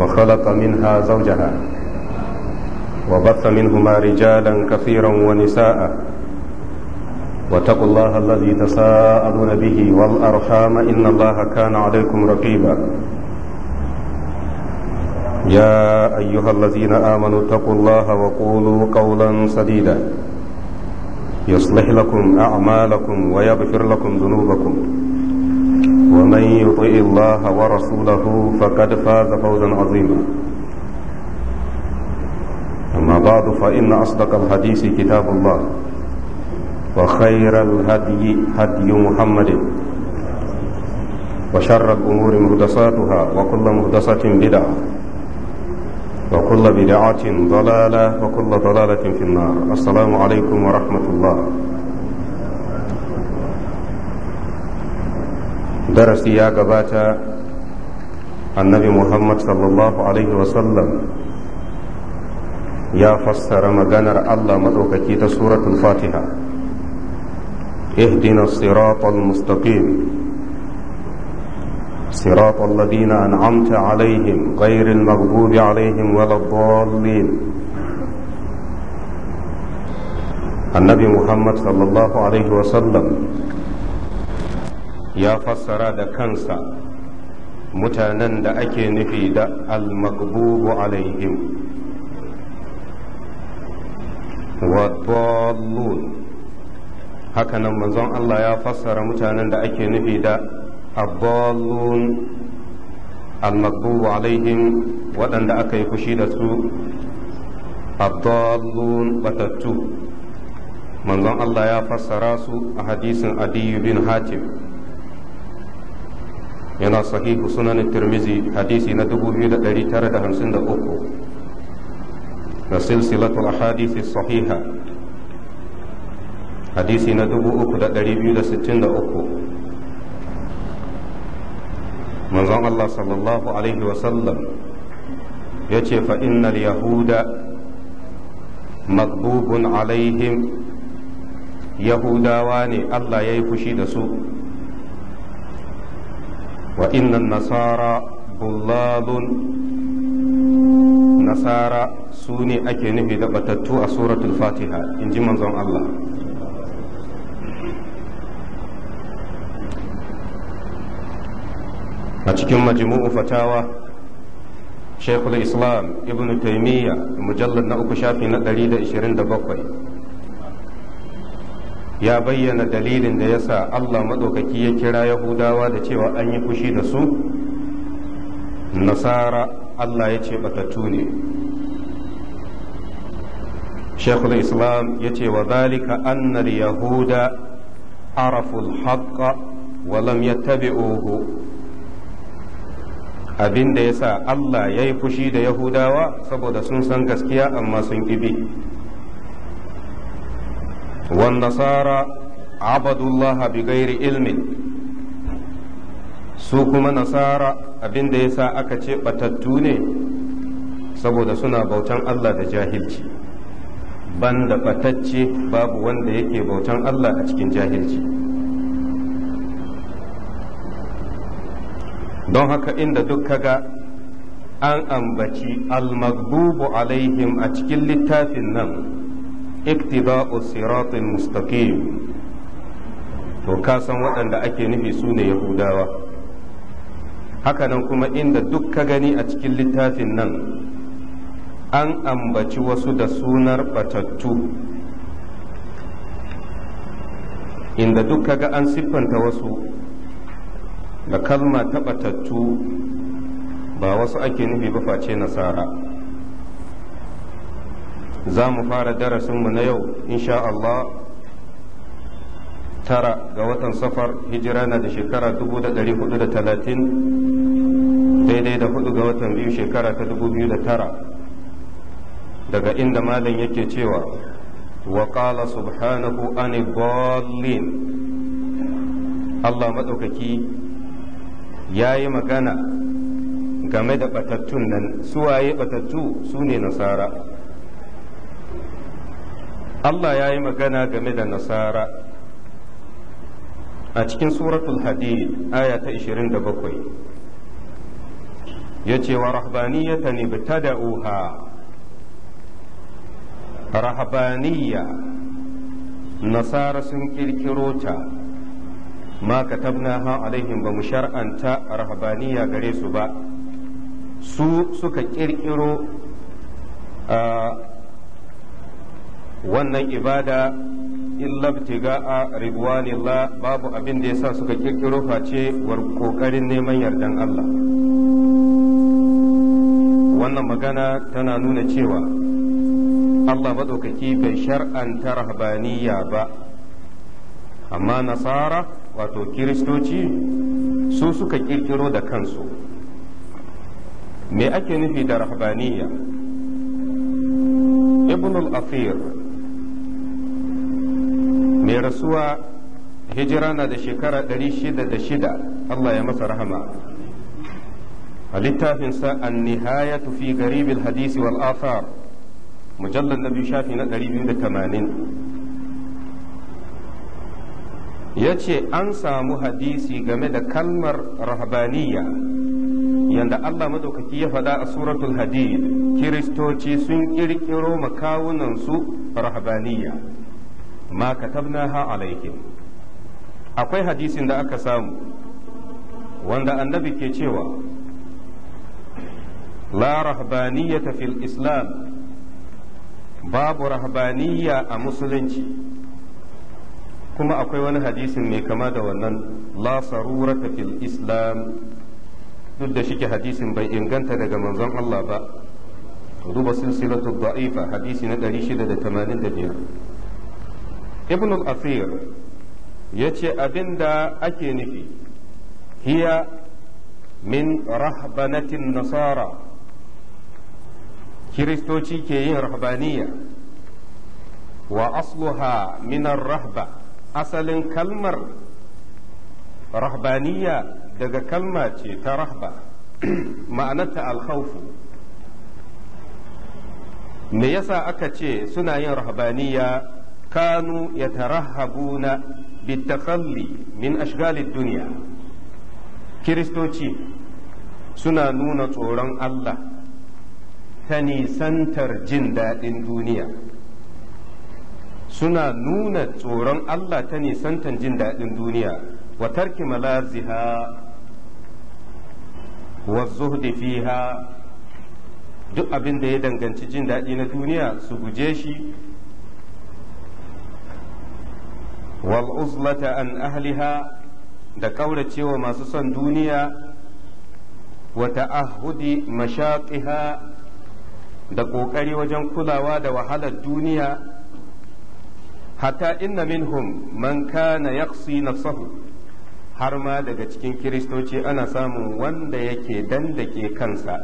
وخلق منها زوجها وبث منهما رجالا كثيرا ونساء واتقوا الله الذي تساءلون به والأرحام إن الله كان عليكم رقيبا يا أيها الذين آمنوا اتقوا الله وقولوا قولا سديدا يصلح لكم أعمالكم ويغفر لكم ذنوبكم ومن يطع الله ورسوله فقد فاز فوزا عظيما أما بعد فإن أصدق الحديث كتاب الله وخير الهدي هدي محمد وشر الأمور مهدساتها وكل مهدسة بدعة وكل بدعة ضلالة وكل ضلالة في النار السلام عليكم ورحمة الله درسي يا قباتا النبي محمد صلى الله عليه وسلم يا فسر مغانا الله مدوكا كيتا سورة الفاتحة اهدنا الصراط المستقيم صراط الذين أنعمت عليهم غير المغضوب عليهم ولا الضالين النبي محمد صلى الله عليه وسلم ya fassara da kansa mutanen da ake nufi da al-maqbubu alaihim wa dallun hakanan manzon Allah ya fassara mutanen da ake nufi da abdallun al-maqbubu alaihim waɗanda aka yi fushi da su abdallun batattu manzon Allah ya fassara su a hadisin adiyu bin hatim yana sahihu sunanin tirmizi hadisi na 2953 da silsilatu a hadisi sahiha hadisi na 3263 manzon Allah sallallahu Alaihi wasallam ya ce fa'innal yahuda magbubun alaihim yahudawa ne Allah ya yi fushi da su وإن النصارى ضلال نصارى سوني أكيني في دبتتو سورة الفاتحة إن جمع الله a cikin majmu'u fatawa shekul islam ibn taimiyya mujallar na uku shafi na 127 ya bayyana dalilin da yasa Allah maɗaukaki ya kira Yahudawa da cewa an yi fushi da su nasara Allah ya ce batattu ne shekul islam ya ce wa zalika annar yahuda araful haqqa wa yattabi'uhu abin da yasa Allah ya yi fushi da Yahudawa saboda sun san gaskiya amma sun ƙibi والنصارى عبدوا الله بغير علم su kuma nasara abin da ya sa aka ce batattu ne saboda suna bautan Allah da jahilci banda batacce babu wanda yake bautan Allah a cikin jahilci don haka inda duk ga an ambaci almagbubu alaihim a cikin littafin nan اقتداء siratin المستقيم to ka san waɗanda ake nufi su ne yahudawa hakanan kuma inda duk ka gani a cikin littafin nan an ambaci wasu da sunar batattu inda duk kaga an siffanta wasu da kalma ta batattu ba wasu ake nufi ba face nasara za mu fara darasinmu na yau insha Allah tara ga watan safar hijira na da shekara 430 daidai da hudu ga watan biyu shekara ta 2009 daga inda malam yake cewa wa qala subhanahu an dallin Allah maɗaukaki ya yi magana game da batattun nan suwaye batattu su ne nasara Allah ya yi magana game da nasara a cikin suratul hadid aya ta 27 ya ce wa rahbaniyata ne bitada'uha rahabaniya nasara sun kirkiro ta ma katabna ha alaihim ba mu shar'anta rahabaniya gare su ba su suka kirkiro ah, wannan ibada a a la babu abin da yasa suka kirkiro face war kokarin neman yardan Allah wannan magana tana nuna cewa Allah madaukaki bai shar'anta rahabaniya ba amma nasara wato kiristoci su suka kirkiro da kansu me ake nufi da rahbaniya ibn al-athir mai rasuwa hijira na da shekara 606 Allah ya masa rahama a littafinsa an nihayatu tufi garibil hadisi wal afar mujallar na biyu shafi na 280 ya ce an samu hadisi game da kalmar rahabaniya yanda Allah madaukaki ya faɗa a suratul hadid kiristoci sun ƙirƙiro makawunansu rahabaniya ma katabnaha alaihim akwai hadisin da aka samu wanda annabi ke cewa la rahbaniyata fil islam babu rahbaniya a musulunci kuma akwai wani hadisin mai kama da wannan la sarurata fil islam duk da shike hadisin bai inganta daga manzon Allah ba duba silsilatu da'ifa hadisi na 685 ibn al-asir ya ce abinda ake nufi hiya min rahbanatin nasara kiristoci ke yin rahbaniya wa asluha minar rahba asalin kalmar rahbaniya daga kalma ce ta rahba ma'anarta alhaufu me yasa aka ce suna yin rahbaniya كانوا يترهبون بالتخلي من أشغال الدنيا كريستوتي سنا نون تورن الله تني سنتر جندا دنيا سنا nuna tsoron الله ta سنتر jin daɗin duniya wa tarki malaziha wa duk abin da ya danganci jin daɗi na duniya su guje shi wal an ahliha da ƙauracewa masu son duniya wa ta'ahudi mashaqiha da ƙoƙari wajen kulawa da wahalar duniya hatta inna minhum man kana yaqsi nafsahu har ma daga cikin kiristoci ana samun wanda yake dandake kansa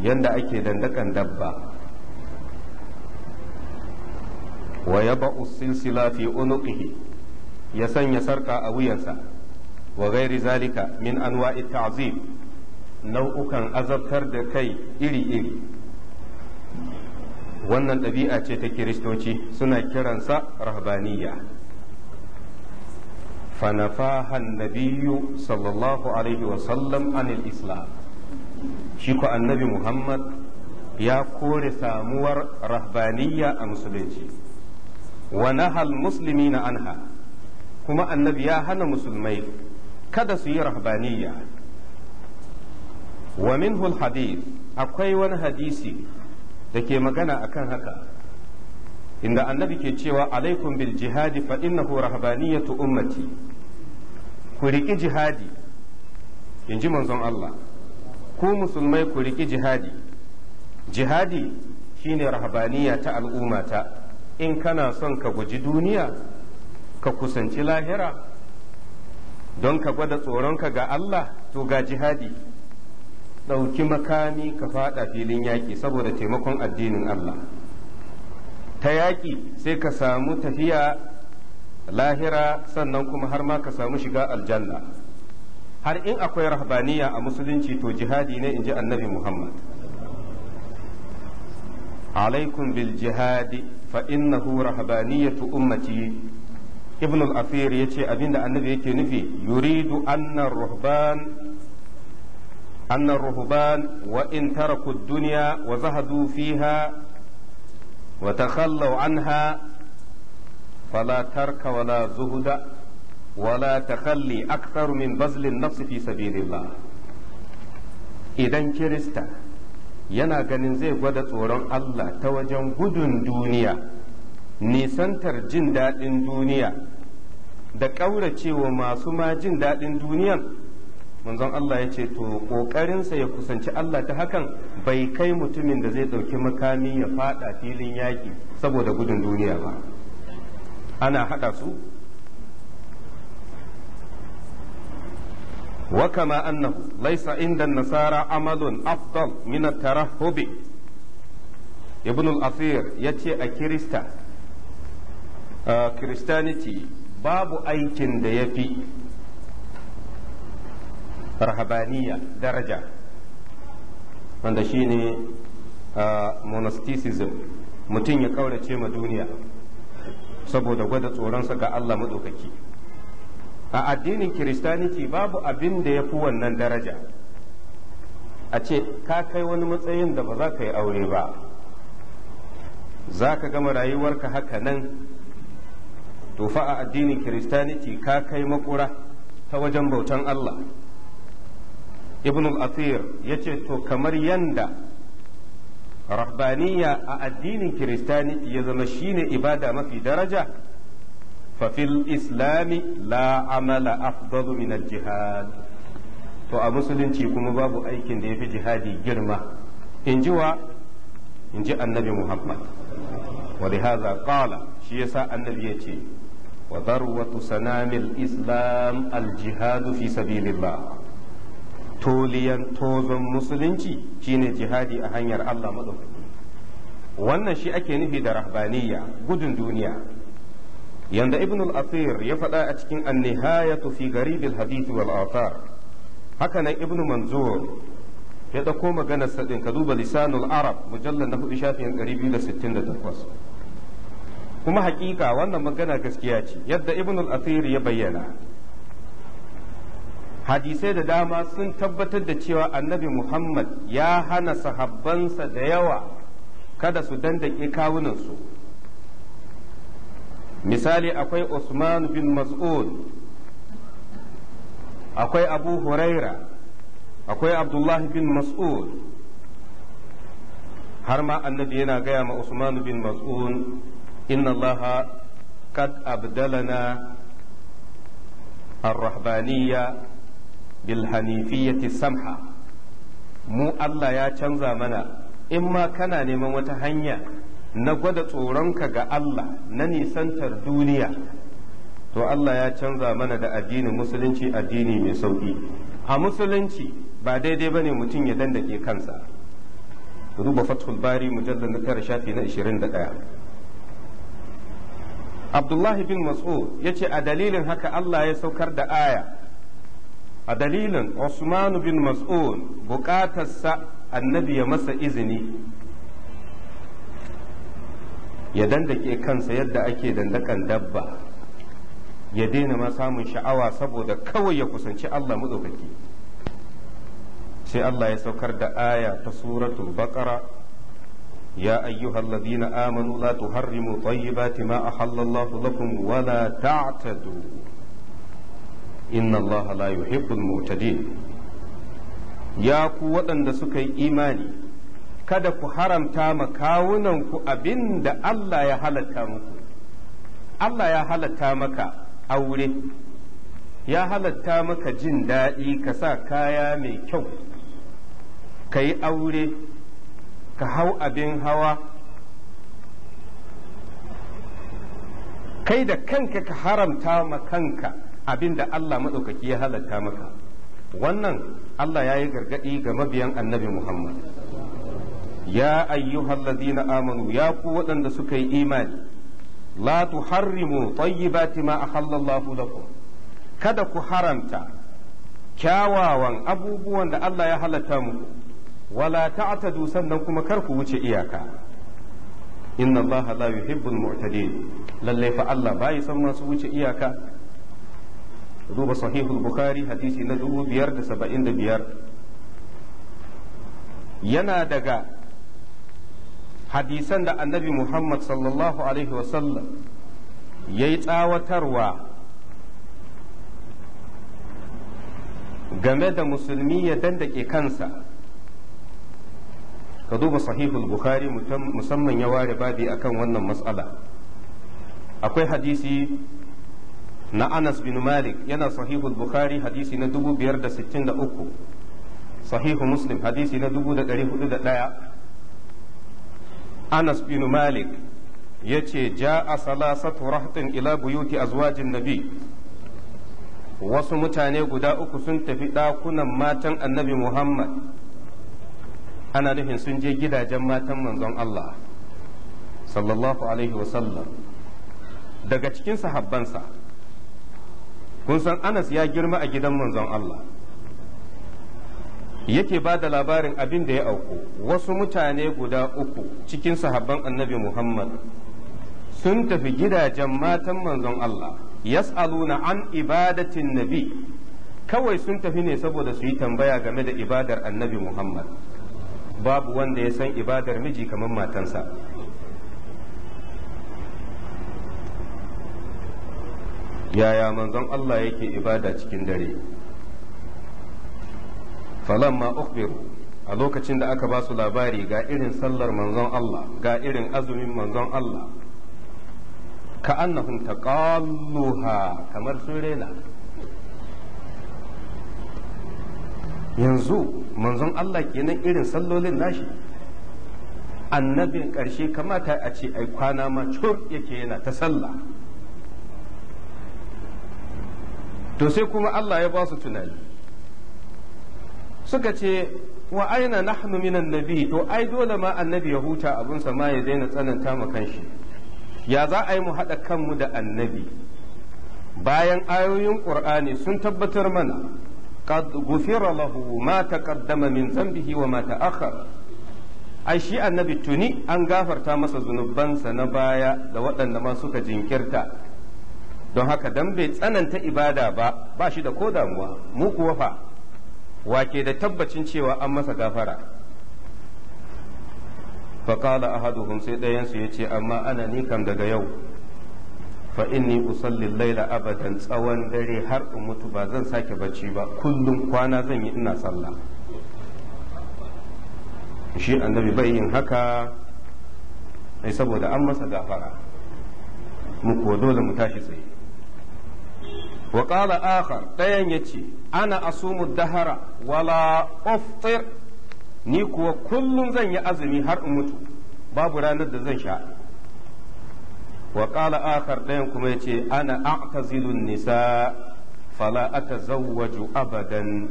yanda ake dandakan dabba wa yaba'u silsila fi unuqihi ya sanya sarka a wuyansa wa gairi zalika min anwa'i ta'zim nau'ukan azabtar da kai iri-iri wannan ɗabi'a ce ta kiristoci suna kiransa rahbaniya fanafahan nabiyu sallallahu alaihi wasallam anil islam shi ko annabi muhammad ya kore samuwar rahbaniya a musulunci wa Musulmi na anha kuma annabi ya hana musulmai kada su yi rahbaniya wa minhul hadith akwai wani hadisi da ke magana akan haka inda annabi ke cewa alaikum bil jihadi fa innahu rahbaniyatu ummati ku riƙi jihadi in ji manzon Allah ku musulmai ku riƙi jihadi jihadi shine rahbaniya ta al'ummata in kana son ka guji duniya ka kusanci lahira don ka gwada tsoronka ga Allah to ga jihadi ɗauki makami ka faɗa filin yaƙi saboda taimakon addinin Allah ta yaƙi sai ka samu tafiya lahira sannan kuma har ma ka samu shiga aljanna har in akwai rahbaniya a musulunci to jihadi ne in ji annabi Muhammad alaikum bil jihadi fa innahu rahabaniyatu ummati ibn al-afir yace abinda annabi yake nufi yuridu anna ruhban anna ruhban wa in taraku ad-dunya wa zahadu fiha wa takhallaw anha fala tarka wala zuhuda wala takhalli aktharu min bazlin nafsi fi sabilillah idan kirista yana ganin zai gwada tsoron Allah ta wajen gudun duniya nisantar jin daɗin duniya da ƙauracewa masu ma jin daɗin duniyan manzon Allah ya ce to ƙoƙarinsa ya kusanci Allah ta hakan bai kai mutumin da zai ɗauki makami ya faɗa filin yaƙi saboda gudun duniya ba ana haɗa su وكما أنه ليس عند النصارى عمل أفضل من الترهب ابن الأثير يتي أكريستا كريستانيتي باب أيكن يفي رهبانية درجة من shi ne monasticism mutum ya kaurace ma duniya saboda gwada tsoronsa ga Allah maɗaukaki a addinin kiristaniti babu abin da ya fi wannan daraja a ce ka kai wani matsayin da ba za ka yi aure ba za ka gama rayuwarka haka nan to a addinin kiristaniti ka kai makura ta wajen bautan Allah ibn al-athir ya ce to kamar yanda rahbaniya a addinin kiristaniti ya zama shine ibada mafi daraja fafil islami la amala afdalu min to a musulunci kuma babu aikin da ya fi jihadi girma in ji wa in ji annabi muhammad wa haza qala shi yasa annabi ya ce wa darwatu sanamil islam aljihadu fi sabilillah toliyan tozon musulunci shine jihadi a hanyar Allah maɗaukaki wannan shi ake nufi da rahbaniya gudun duniya yanda ibn al-asir ya faɗa a cikin an-nihayatu fi al hadith wal athar haka nan ibn manzur ya dauko magana sa ka duba lisanul arab mujallal na hudu shafin 68 kuma hakika wannan magana gaskiya ce yadda ibn al-asir ya bayyana hadisai da dama sun tabbatar da cewa annabi muhammad ya hana sahabbansa da yawa kada su dandake kawunansu misali akwai Usman bin Mas'ud akwai Abu Huraira akwai Abdullah bin Mas'ud har ma annabi yana gaya ma Usman bin Mas'ud inna Allah kad abdalana ar-rahbaniyya bil hanifiyyati samha mu Allah ya canza mana in ma kana neman wata hanya na gwada tsoronka ga Allah na nisantar duniya to Allah ya canza mana da addinin musulunci addini mai sauƙi a musulunci ba daidai ba ne mutum ya dandake kansa duba fathul bari mujallar na tara shafi na 21 abdullahi bin mas'ud ya ce a dalilin haka Allah ya saukar da aya a dalilin Usmanu bin mas'ud bukatarsa annabi ya masa izini ya dandake kansa yadda ake dandakan dabba ya daina ma samun sha'awa saboda kawai ya kusanci Allah maɗaukaki sai Allah ya saukar da aya ta suratul baqara ya ayyuhalladhina amanu la tuharrimu tayyibati ma ahallallahu lakum wa la ta'tadu inna Allah la yuhibbul mu'tadin ya ku waɗanda suka yi imani kada ku haramta ma kawunanku abin da Allah ya halatta muku Allah ya halatta maka aure ya halatta maka jin daɗi ka sa kaya mai kyau ka yi aure ka hau abin hawa kai da kanka ka haramta ma kanka abin da Allah maɗaukaki ya halatta maka wannan Allah ya yi gargaɗi ga mabiyan annabi Muhammad ya ayyuhal ladina amanu ya ku waɗanda suka yi imani la tuharrimu tayyibati ma ahallallahu lakum kada ku haramta kyawawan abubuwan da Allah ya halatta muku wala ta'tadu sannan kuma kar ku wuce iyaka inna Allah la yuhibbul mu'tadin lalle fa Allah bai san masu wuce iyaka duba sahihul bukhari hadisi na biyar. yana daga hadisan da annabi Muhammad sallallahu Alaihi wasallam ya yi tsawatarwa game da musulmi ya dandake kansa ka duba sahihul bukhari musamman ya ware babi akan wannan matsala akwai hadisi na Anas bin Malik yana sahihul Bukhari hadisi na 563 sahihu Muslim hadisi na 401 anas bin malik ya ce ja'a salasatu rahtin ila buyuti azwajin nabi wasu mutane guda uku sun tafi ɗakunan matan annabi muhammad ana nufin sun je gidajen matan manzon allah sallallahu alaihi wasallam daga cikin sahabbansa kun san anas ya girma a gidan manzon allah yake ba da labarin abin da ya auku wasu mutane guda uku cikin sahabban annabi Muhammad sun tafi gidajen matan manzon Allah yas'aluna an ibadatin nabi kawai sun tafi ne saboda su yi tambaya game da ibadar annabi Muhammad babu wanda ya san ibadar miji kamar matansa yaya manzon Allah yake ibada cikin dare falamma ukhbiru a lokacin da aka ba su labari ga irin sallar manzon Allah ga irin azumin manzon Allah ka annahum taqalluha kamar sun rena yanzu manzon Allah kenan irin sallolin nashi annabi ƙarshe kamata a ce ai kwana ma cur yake yana ta sallah to sai kuma Allah ya ba su tunani suka ce wa aina nahnu minan nabi to ai dole ma annabi ya huta abunsa ma ya daina tsananta ma kanshi ya za a yi mu haɗa kanmu da annabi bayan ayoyin ƙur'ani sun tabbatar mana qad gufira lahu ma taqaddama min zambihi wa ma ta'akhkhara ai shi annabi tuni an gafarta masa zunubansa na baya da waɗanda ma suka jinkirta don haka dan bai tsananta ibada ba ba shi da ko damuwa mu kuwa fa wake da tabbacin cewa an masa gafara faƙala ahaduhum sai ɗayansu ya ce amma ana ni kam daga yau fa inni usalli laila abadan tsawon dare har in mutu ba zan sake bacci ba kullum kwana zan yi ina sallah shi annabi bai yin haka sai saboda an masa gafara mu ko dole mu tashi tsaye wa qala akhar dayan yace ana asumu dahara wala uftir ni kuwa kullum zan yi azumi har in mutu babu ranar da zan sha wa qala akhar dayan kuma yace ana a'tazilu nisa fala atazawwaju abadan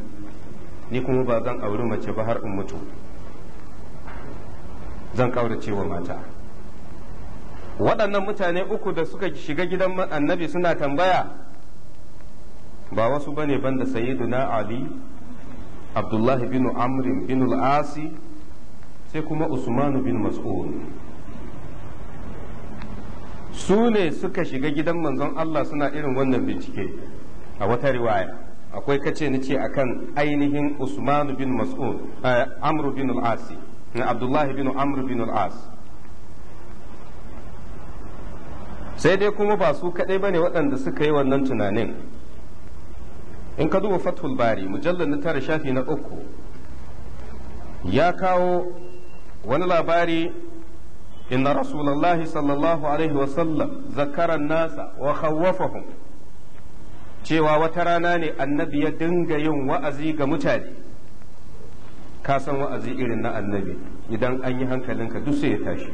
ni kuma ba zan auri mace ba har in mutu zan kaurace wa mata waɗannan mutane uku da suka shiga gidan annabi suna tambaya ba wasu bane banda sayyiduna ali abdullahi bin amr bin al-asi sai kuma usmanu bin mas'ud su ne suka shiga gidan manzon Allah suna irin wannan bincike a wata riwaya akwai kace ni ce akan ainihin usmanu bin mas'ud eh, amr bin al-asi na abdullahi bin amr bin al-asi sai dai kuma ba su kadai ba ne waɗanda suka yi wannan tunanin in ka duba fathul bari mujallar na tara shafi na uku ya kawo wani labari inna rasulallahi sallallahu alaihi wasallam zakaran nasa wa khawwafahum cewa wata rana ne annabi ya dinga yin wa'azi ga mutane ka san wa'azi irin na annabi idan an yi hankalinka duk sai ya tashi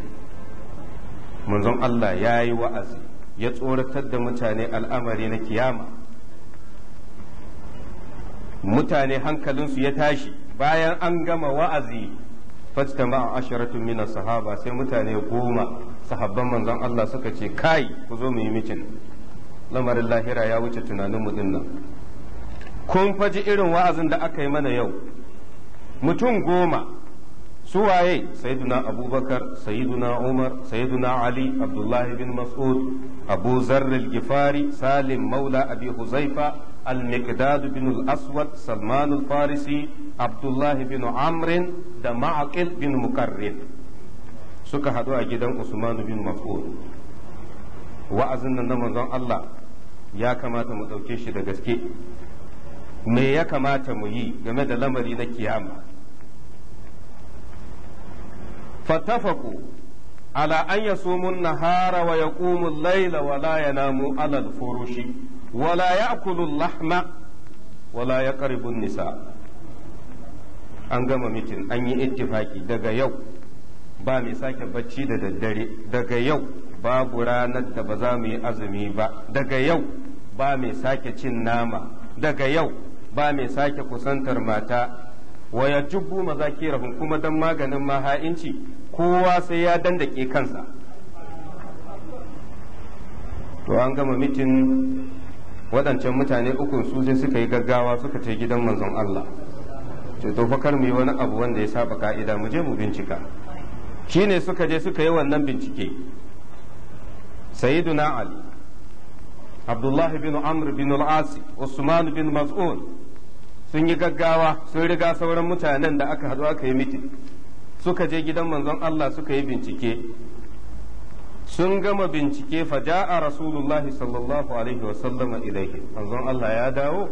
manzon Allah ya yi wa'azi ya tsoratar da mutane al'amari na kiyama mutane hankalinsu ya tashi bayan an gama wa'azi fajtama asharatu min sahaba sai mutane goma sahabban manzon Allah suka ce kai ku zo mu yi mitin lamarin lahira ya wuce tunanin mu dinnan kun faji irin wa'azin da aka yi mana yau mutum goma su waye sayyiduna abubakar sayyiduna umar sayyiduna ali abdullahi bin mas'ud abu zarril gifari salim maula abi huzaifa المقداد bin Aswad, Salmanu Farisi, Abdullahi bin Amrin, da ma'aqil bin mukarrin suka haɗu a gidan usman bin maf'ul wa'azin nan na manzon Allah ya kamata mu ɗauke shi da gaske me ya kamata mu yi game da lamari na kiyama fatafaku ala an yasumun nahara wa yaqumu al-laila wa la yanamu ala al-furushi wala ya'kulu lahma wala يقرب nisa an gama mitin an yi ittifaki daga yau ba mai sake bacci da daddare daga yau babu ranar da ba za mu yi azumi ba daga yau ba mai sake cin nama daga yau ba mai sake kusantar mata waya jubbu mazakirahum kuma don maganin maha'inci kowa sai ya dandake kansa to an gama mitin waɗancan mutane ukun su sai suka yi gaggawa suka ce gidan manzon Allah to to fakar mu yi wani abu wanda ya saba ka'ida mu je mu bincika shine suka je suka yi wannan bincike sayyiduna ali abdullah bin amr bin al-as usman bin mas'ud sun yi gaggawa sun riga sauran mutanen da aka haɗu aka yi miti suka je gidan manzon Allah suka yi bincike sun gama bincike fa da'a rasulullahi sallallahu alaihi wa sallama ilaihi manzon Allah ya dawo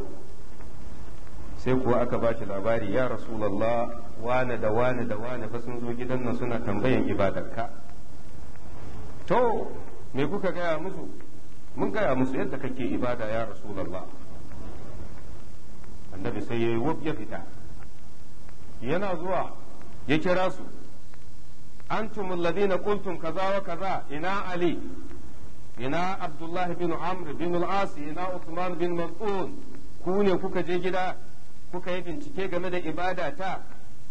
sai kuwa aka ba shi labari ya rasulullah wane da wane da wane fa sun zo gidan nan suna tambayan ibadarka to me kuka gaya musu mun gaya musu yadda kake ibada ya rasulullah annabi sai yayi wuf ya fita yana zuwa ya kira su أنتم الذين قلتم kaza wa kaza ina ali ina abdullahi bin amr bin العاص إنا ina usman bin كوني ku ne kuka je gida kuka yi bincike game da ibada ta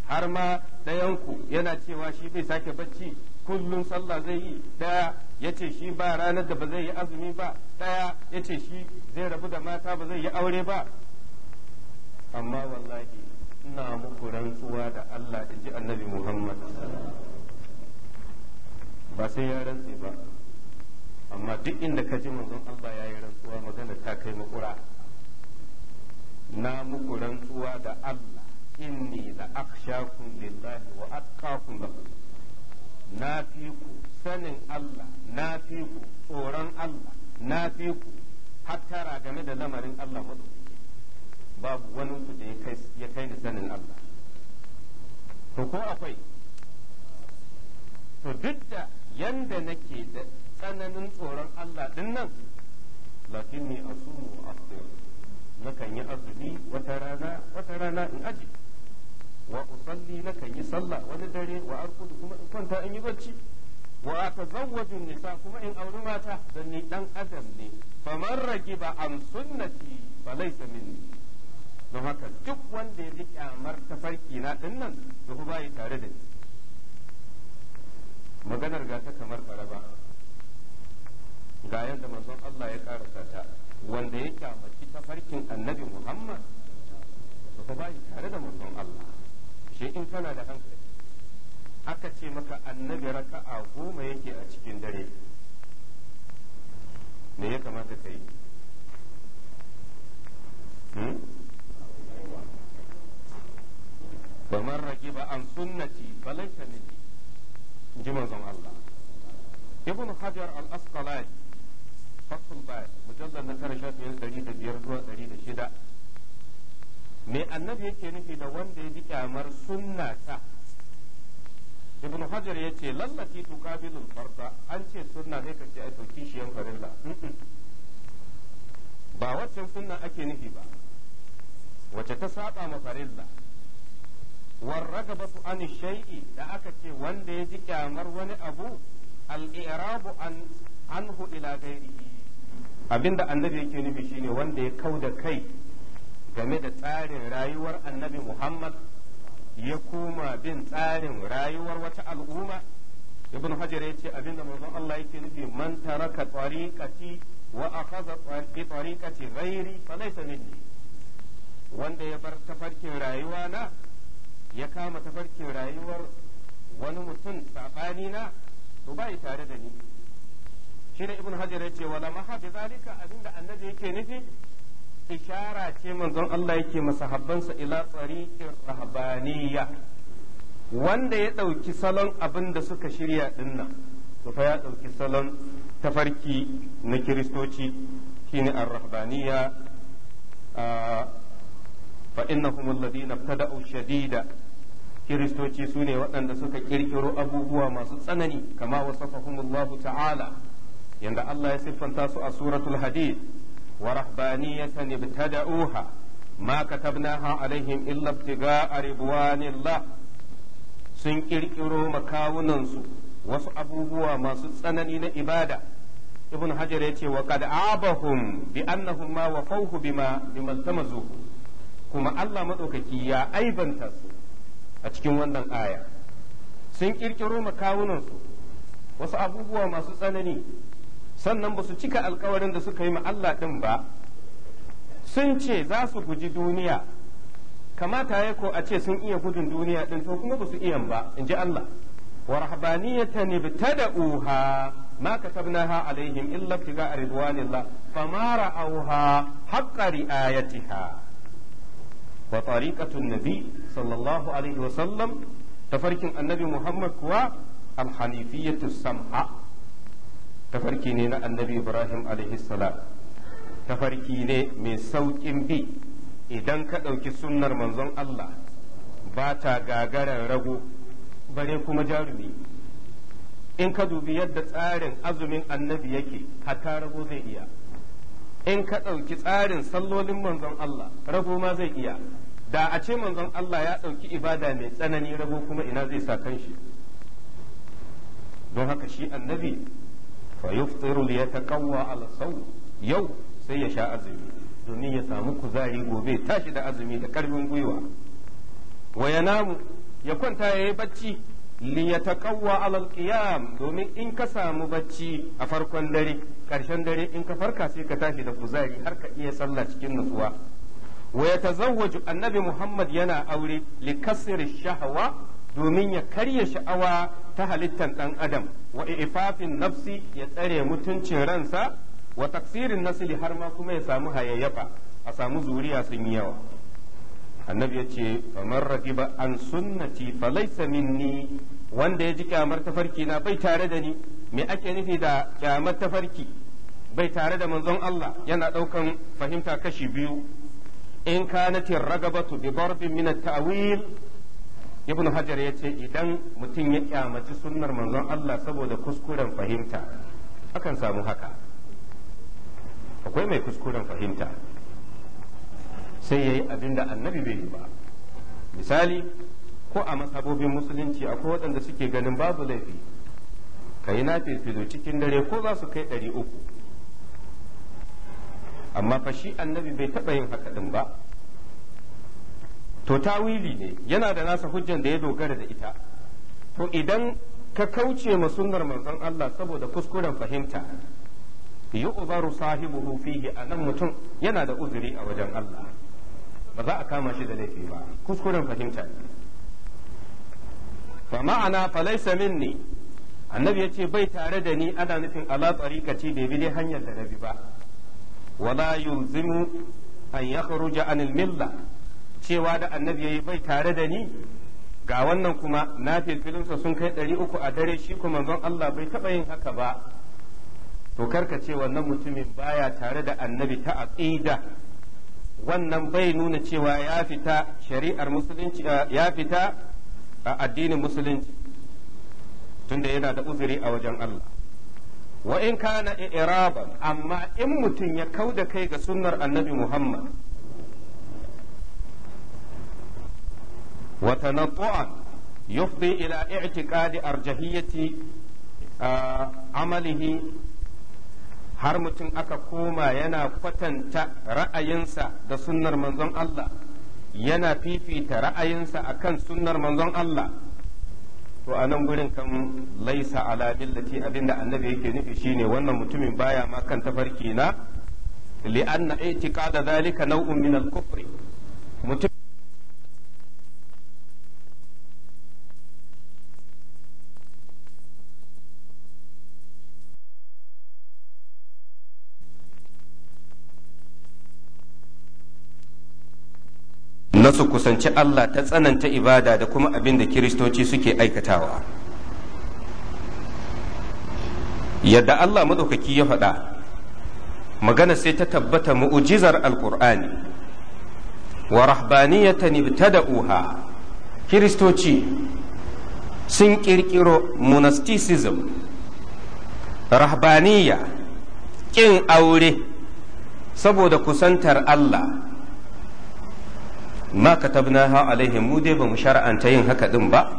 har ma ɗayanku yana cewa shi bai sake bacci kullum sallah zai yi ɗaya ya ce shi ba ranar da ba zai yi azumi ba ɗaya ya ce shi zai rabu da mata ba zai yi aure ba amma wallahi ina muku rantsuwa da Allah in ji annabi Muhammad ba sai ya rantsi ba amma duk inda ka ji manzon Allah ya yi rantsuwa magana ta kai makura na muku rantsuwa da Allah inni la akhshakum lillahi wa atqakum lahu na fi ku sanin Allah na fi ku tsoron Allah na fi ku hattara game da lamarin Allah madaukaki babu wani ku da ya kai ni sanin Allah to ko akwai to duk da yanda nake da tsananin tsoron Allah din nan lakinni asumu afdir nakan yi azumi wata rana wata rana in aji wa usalli nakan yi sallah wani dare wa arkudu kuma in kwanta in yi bacci wa atazawwaju nisa kuma in auri mata dan ni dan adam ne faman ragiba an sunnati laysa minni don haka duk wanda ya riƙe kyamar tafarki na dinnan nan bai tare da ni maganar ga ta kamar karaba ga yadda manzon Allah ya karasa ta wanda ya kyamaci farkin annabi Muhammad to ka bayi tare da manzon Allah shi in kana da hankali aka ce maka annabi raka'a goma yake a cikin dare me ya kamata ka yi kamar hmm? rage ba an sunnati falaita ji manzon Allah ibn hajar al-asqalani fathul bayt mujallal na tara shafin ɗari da biyar zuwa ɗari da shida me annabi yake nufi da wanda ya ji kyamar sunna ta ibn hajar ya ce lallati tuqabilul farda an ce sunna ne kace ai to kishiyan farilla ba waccan sunna ake nufi ba wacce ta saba ma farilla warragabatu ani shay'i da aka ce wanda ya ji kyamar wani abu al-i'rabu an anhu ila abinda annabi yake nufi shine wanda ya kauda kai game da tsarin rayuwar annabi Muhammad ya koma bin tsarin rayuwar wata al'umma ibn hajar ya ce abinda manzon Allah yake nufi man taraka tariqati wa akhadha bi tariqati rairi fa laysa minni wanda ya bar tafarkin rayuwa na ya kama tafarkin rayuwar wani mutum saɓani na to ba tare da ni shi ne ibn hajar ya ce wala maha bi zalika abinda annabi yake nufi ishara ce manzon Allah yake masahabbansa ila tsariqir rahabaniya wanda ya ɗauki salon abin da suka shirya dinnan to fa ya ɗauki salon tafarki na kiristoci shine ar-rahbaniya ah, fa innahum alladhina ibtada'u shadida kiristoci su ne waɗanda suka ƙirƙiro abubuwa masu tsanani kama wasafahumullahu ta'ala yanda Allah ya siffanta su a suratul hadid wa rahbaniyatan ibtada'uha ma katabnaha alaihim illa ibtiga'a ridwanillah sun ƙirƙiro makawunansu wasu abubuwa masu tsanani na ibada ibn hajar ya ce wa qad abahum bi annahum ma wafawhu bima bimaltamazu kuma Allah madaukaki ya aibanta su a cikin wannan aya sun kirkiro makawunansu wasu abubuwa masu tsanani sannan ba su cika alkawarin da suka yi ma Allah ɗin ba sun ce za su guji duniya kamata ya ko a ce sun iya gudun duniya ɗin to kuma ba su iya ba in ji Allah wa rahbaniyatan ibtada'uha ma ha alaihim illa ibtiga'a ridwanillah fama auha haqqa ri'ayatiha wa tariqatun nabi sallallahu alaihi wa sallam tafarkin annabi Muhammad kuwa alhanifiyatu sam'a tafarki ne na annabi Ibrahim alaihi salam tafarki ne mai sauƙin bi idan ka ɗauki sunnar manzon Allah ba ta gagarar rago kuma jarumi in ka dubi yadda tsarin azumin annabi yake hatta rago zai iya in ka ɗauki tsarin sallolin manzon Allah rago ma zai iya da a ce manzon Allah ya ɗauki ibada mai tsanani rago kuma ina zai sa kanshi don haka shi annabi fa yuftiru li ala saw yau sai ya sha azumi domin ya samu kuzari gobe tashi da azumi da karfin gwiwa wa yanamu ya kwanta yayi bacci li yataqawwa ala alqiyam domin in ka samu bacci a farkon dare karshen dare in ka farka sai ka tashi da kuzari har ka iya sallah cikin nutsuwa Waya ya tazawwaju annabi Muhammad yana aure likasir shahawa domin ya karya sha'awa ta halittar ɗan adam wa nafsi ya tsare mutuncin ransa wa taksirin nasili har ma kuma ya samu hayayyafa a samu zuriya sun yi yawa annabi ya ce kamar ragiba an sunnati falaisa minni wanda ya ji kyamar tafarki na bai tare da ni me ake nufi da kyamar tafarki bai tare da manzon Allah yana ɗaukan fahimta kashi biyu in kanatin ragabatu bi darbin min at-ta'wil ibnu hajar yace idan mutum ya kyamaci sunnar manzon Allah saboda kuskuren fahimta akan samu haka akwai mai kuskuren fahimta sai yayi abinda annabi bai yi ba misali ko a masabobin musulunci akwai waɗanda suke ganin babu laifi ka yi filo cikin dare ko za su kai ɗari uku amma fa shi annabi bai taɓa yin haka ɗin ba to tawili ne yana da nasa hujjan da ya dogara da ita to idan ka kauce ma sunnar manzon Allah saboda kuskuren fahimta yu'zaru sahibuhu fihi anan mutum yana da uzuri a wajen Allah ba za a kama shi da laifi ba kuskuren fahimta ne fa ma'ana fa laysa minni annabi yace bai tare da ni ana nufin ala tsarikaci bai bi hanyar da nabi ba wala yulzimu an yakhruja anil milla cewa da annabi yayi bai tare da ni ga wannan kuma na filinsa sun kai ɗari uku a dare shi kuma manzon Allah bai taɓa yin haka ba to karka ce wannan mutumin baya tare da annabi ta aqida wannan bai nuna cewa ya fita shari'ar musulunci ya fita a addinin musulunci tunda yana da uzuri a wajen Allah wa in kana i'raban amma in mutum ya kau da kai ga sunnar annabi Muhammad wa tanattu'an yufdi ila i'tiqadi arjahiyyati amalihi har mutum aka koma yana kwatanta ra'ayinsa da sunnar manzon Allah yana fifita ra'ayinsa akan sunnar manzon Allah to a nan gurin kan laisa ala millati abinda annabi yake nufi shine wannan mutumin baya ma kan tafarki na li'anna i'tiqada zalika naw'un min al-kufri mutum na su kusanci Allah ta tsananta ibada da kuma abin da kiristoci suke aikatawa yadda Allah maɗaukaki ya faɗa magana sai ta tabbata mu'ujizar alƙur'ani wa da uha kiristoci sun ƙirƙiro monasticism rahbaniya ƙin aure saboda kusantar Allah ma katabnaha alaihin mu dai bamu shar'anta yin haka din ba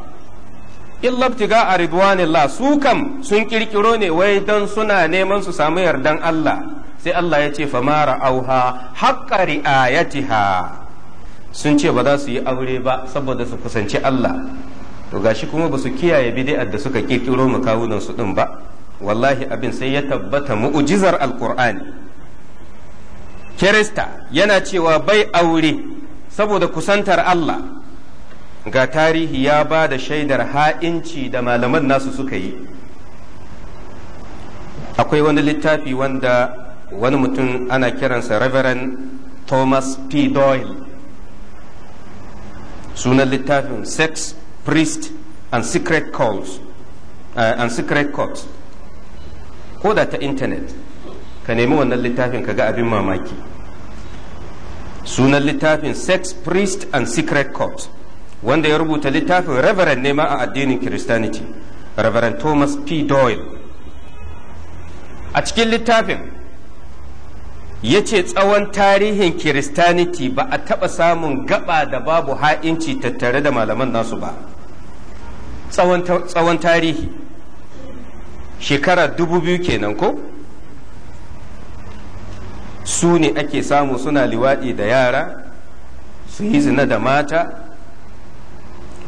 illa ibtiga a ridwanillah su kam sun kirkiro ne wai don suna neman su samu yardan Allah sai Allah ya ce fa auha ra'auha haqqa ri'ayatiha sun ce ba za su yi aure ba saboda su kusance Allah to gashi kuma ba su kiyaye bid'ar da suka kirkiro mu kawunan su din ba wallahi abin sai ya tabbata mu'jizar alqur'ani kirista yana cewa bai aure saboda kusantar Allah ga tarihi ya ba da shaidar ha'inci da malaman nasu suka yi akwai wani littafi wanda wani mutum ana kiransa Reverend Thomas P. Doyle sunan littafin Sex, Priest and Secret Calls uh, and Secret Courts ko da ta intanet ka nemi wannan littafin ka ga abin mamaki. sunan littafin sex priest and secret court wanda ya rubuta littafin reverend ne a addinin christianity reverend thomas p doyle a cikin littafin ya ce tsawon tarihin christianity ba a taɓa samun gaba da babu ha'inci tattare da malaman nasu ba tsawon tarihi shekara dubu biyu kenan ko su ne ake samu suna liwaɗi da yara su yi zina da mata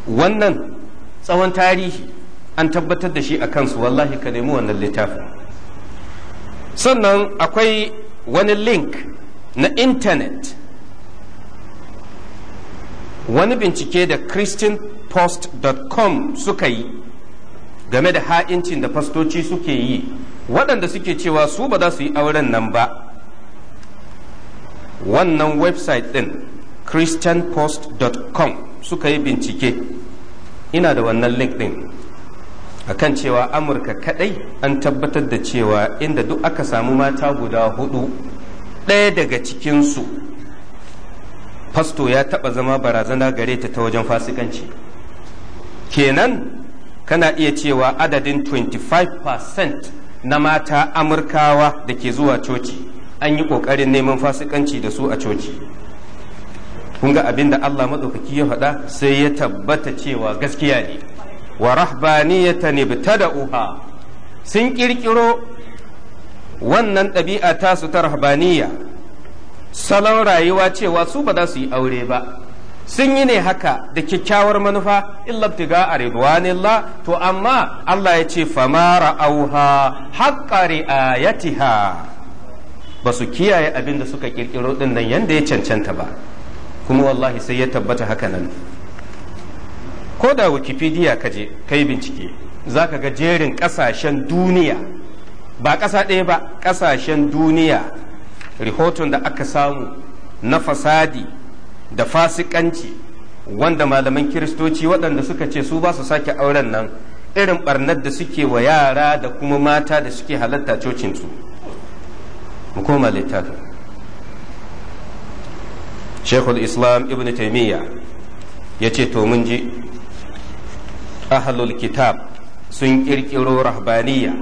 wannan tsawon tarihi an tabbatar da shi a kansu wallahi ka nemi wannan littafin sannan akwai wani link na intanet wani bincike da christianpost.com suka yi game da ha'incin da fastoci suke yi waɗanda suke cewa su ba za su yi auren nan ba wannan website din christianpost.com suka yi bincike ina da wannan link din kan cewa amurka kadai an tabbatar da cewa inda duk aka samu mata guda hudu ɗaya daga cikinsu fasto ya taɓa zama barazana gare ta ta wajen fasikanci kenan kana iya cewa adadin 25% na mata amurkawa da ke zuwa coci an yi ƙoƙarin neman fasikanci da su a coci kun ga abin da Allah maɗaukaki ya faɗa sai ya tabbata cewa gaskiya ne wa rahbaniyata ne da uha sun ƙirƙiro wannan ɗabi'a ta su ta rahbaniya salon rayuwa cewa su ba za su yi aure ba sun yi ne haka da kyakkyawar manufa illabtiga a la to amma Allah ya ce famara auha haqqa ri'ayatiha ba su kiyaye abinda suka kirkiro din nan yanda ya cancanta ba kuma wallahi sai ya tabbata haka nan ko da wikipedia ka je kai bincike za ka ga jerin kasashen duniya ba ƙasa ɗaya ba ƙasashen duniya rahoton da aka samu na fasadi da fasikanci wanda malaman kiristoci waɗanda suka ce su ba su sake auren nan irin ɓarnar da suke wa yara da kuma mata da suke halatta cocinsu mu koma littafin shekul islam ibn taimiyya ya ce to mun ji ahlul kitab sun kirkiro rahbaniya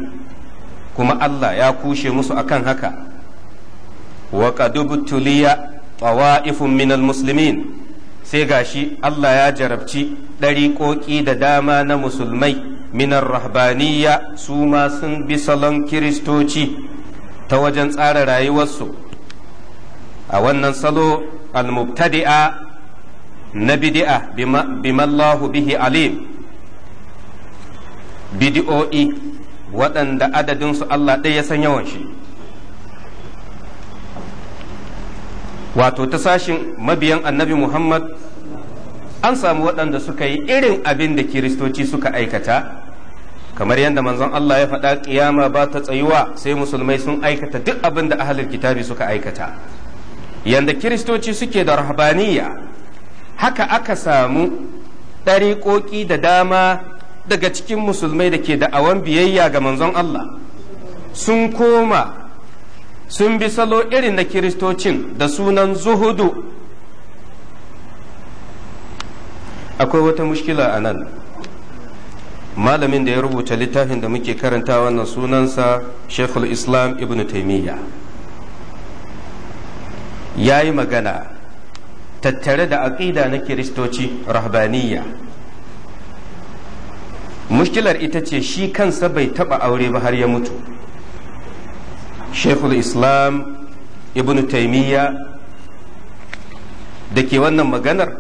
kuma allah ya kushe musu akan haka wa tuliya tawa'ifun minal muslimin sai gashi allah ya jarabci ɗariƙoƙi da dama na musulmai minan rahbaniya su ma sun bi salon kiristoci ta wajen tsara rayuwarsu a wannan salo al-mubtadi'a na bima bimallahu bihi alim bidi'o'i waɗanda adadinsu Allah ɗaya san yawan shi wato ta sashin mabiyan annabi Muhammad an samu waɗanda suka yi irin abin da kiristoci suka aikata kamar yadda manzon Allah ya faɗa kiyama ba ta tsayuwa sai musulmai sun aikata duk abin da ahalin kitabi suka aikata yadda kiristoci suke da rahabaniya haka aka samu ɗariƙoƙi da dama daga cikin musulmai da ke da'awan biyayya ga manzon Allah sun koma sun bi salo irin na kiristocin da sunan zuhudu akwai wata mushkila a nan malamin da ya rubuta littafin da muke karanta wannan sunansa shekul islam ibn taimiyya ya yi magana tattare da aƙida na kiristoci rahbaniyya mushkilar ita ce shi kansa bai taɓa aure ba har ya mutu shekul islam ibn taimiyya da ke wannan maganar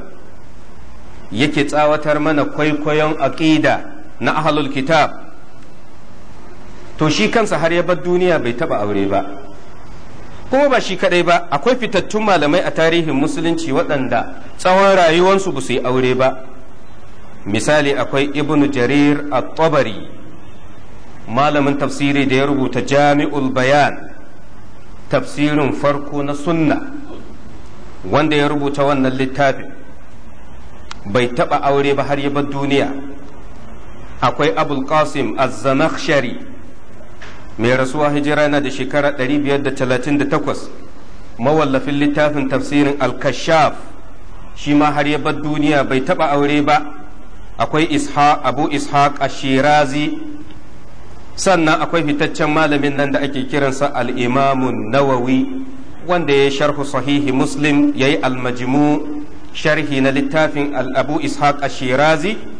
yake tsawatar mana kwaikwayon aƙida na ahlul kitab to shi kansa har ya bar duniya bai taba aure ba kuma ba shi kadai ba akwai fitattun malamai a tarihin musulunci waɗanda tsawon rayuwarsu ba su yi aure ba misali akwai ibn jarir at-tabari malamin tafsiri da ya rubuta jami'ul bayan tafsirin farko na sunna wanda ya rubuta wannan littafin bai taba aure ba har ya bar duniya akwai abul qasim az-zamakhshari mai rasuwa hijira na da shekara 538 mawallafin littafin tafsirin al-kashaf shi ma har ya bar duniya bai taba aure ba akwai isha abu ishaq ashirazi sannan akwai fitaccen malamin nan da ake kiransa al-imamun nawawi wanda ya sharhu sahihi muslim yayi al-majmu sharhi na littafin al-abu ishaq ashirazi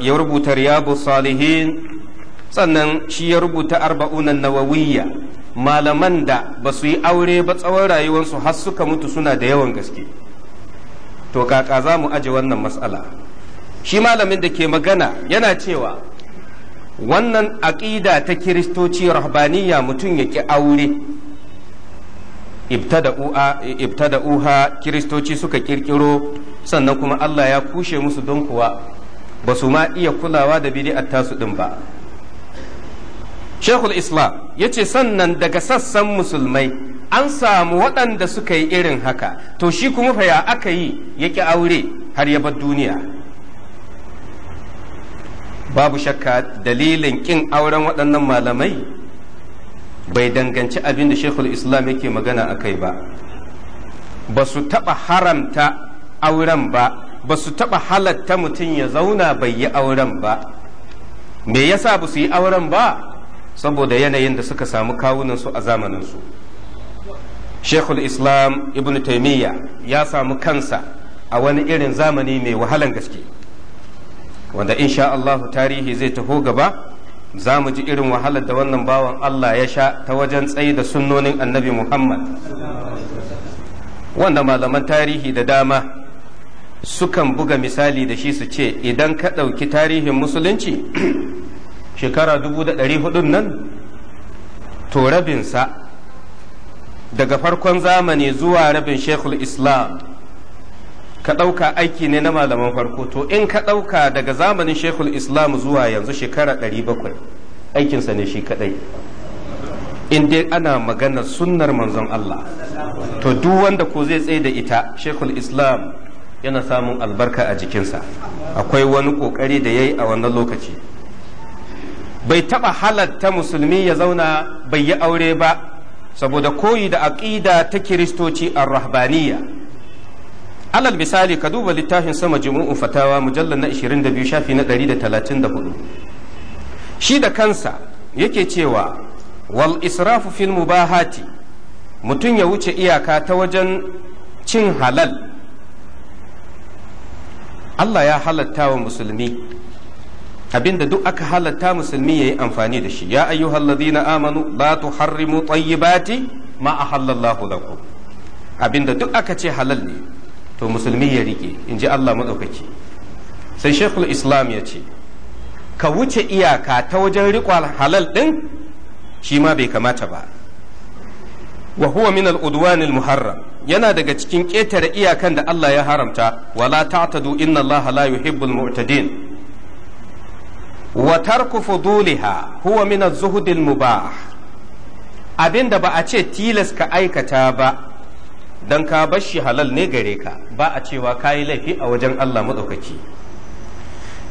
ya rubuta riyabu salihin sannan shi ya rubuta arba'unan nawawiyya malaman da ba su yi aure ba tsawon rayuwarsu har suka mutu suna da yawan gaske to kaka za mu aje wannan matsala shi malamin da ke magana yana cewa wannan aƙida ta kiristoci rahbaniya mutum ya ƙi aure da uha kiristoci suka ƙirƙiro sannan kuma allah ya kushe musu don kuwa ba su ma iya kulawa da bid'ar tasu din ba shekul Islam ya ce sannan daga sassan musulmai an samu waɗanda suka yi irin haka to shi kuma fa ya aka yi ya ƙi aure har ya bar duniya babu shakka dalilin ƙin auren waɗannan malamai bai danganci abin da shekul Islam yake magana a kai ba ba su taɓa haramta auren ba ba su taɓa halatta mutum ya zauna bai yi auren ba me yasa ba su yi auren ba saboda yanayin da suka samu kawunansu a zamaninsu shekul islam ibn taimiyya ya samu kansa a wani irin zamani mai wahalan gaske wanda insha Allah tarihi zai taho gaba za mu ji irin wahalar da wannan bawan Allah ya sha ta wajen tsayi da sunnonin annabi Muhammad wanda malaman tarihi da dama sukan buga misali da shi su ce idan ka ɗauki tarihin musulunci shekara dubu da ɗari hudun nan to rabinsa daga farkon zamani zuwa rabin shekul islam ka ɗauka aiki ne na malaman farko to in ka ɗauka daga zamanin shekul islam zuwa yanzu shekara ɗari bakwai aikinsa ne shi kaɗai in dai ana magana sunnar manzon Allah to duk wanda ko zai tsaye da ita shekul islam yana samun albarka a jikinsa akwai wani ƙoƙari da ya yi a wannan lokaci bai taɓa halatta musulmi ya zauna bai yi aure ba saboda koyi da aƙida ta kiristoci a rahbaniya alal misali ka duba littafin sama jimu'un fatawa mujallar na 22 shafi na 134 shi da kansa yake cewa wal israfu fil mubahati mutum ya wuce iyaka ta wajen cin halal Allah ya halatta wa musulmi abinda duk aka halatta musulmi ya yi amfani da shi ya ayyuhalladhina amanu la tuharrimu tayyibati ma ahallallahu lakum abinda duk aka ce halal ne to musulmi ya rike inji Allah madaukaki sai shekul islam ya ce ka wuce iyaka ta wajen riƙon halal ɗin shi ma bai kamata ba wa huwa min al-udwan al-muharram yana daga cikin ƙetare iyakan da Allah ya haramta wala ta'tadu inna Allah la yuhibbul mu'tadin wa tarku fuduliha huwa min az-zuhd al-mubah abinda ba a ce tilas ka aikata ba dan ka bar shi halal ne gare ka ba a cewa kayi laifi a wajen Allah madaukaki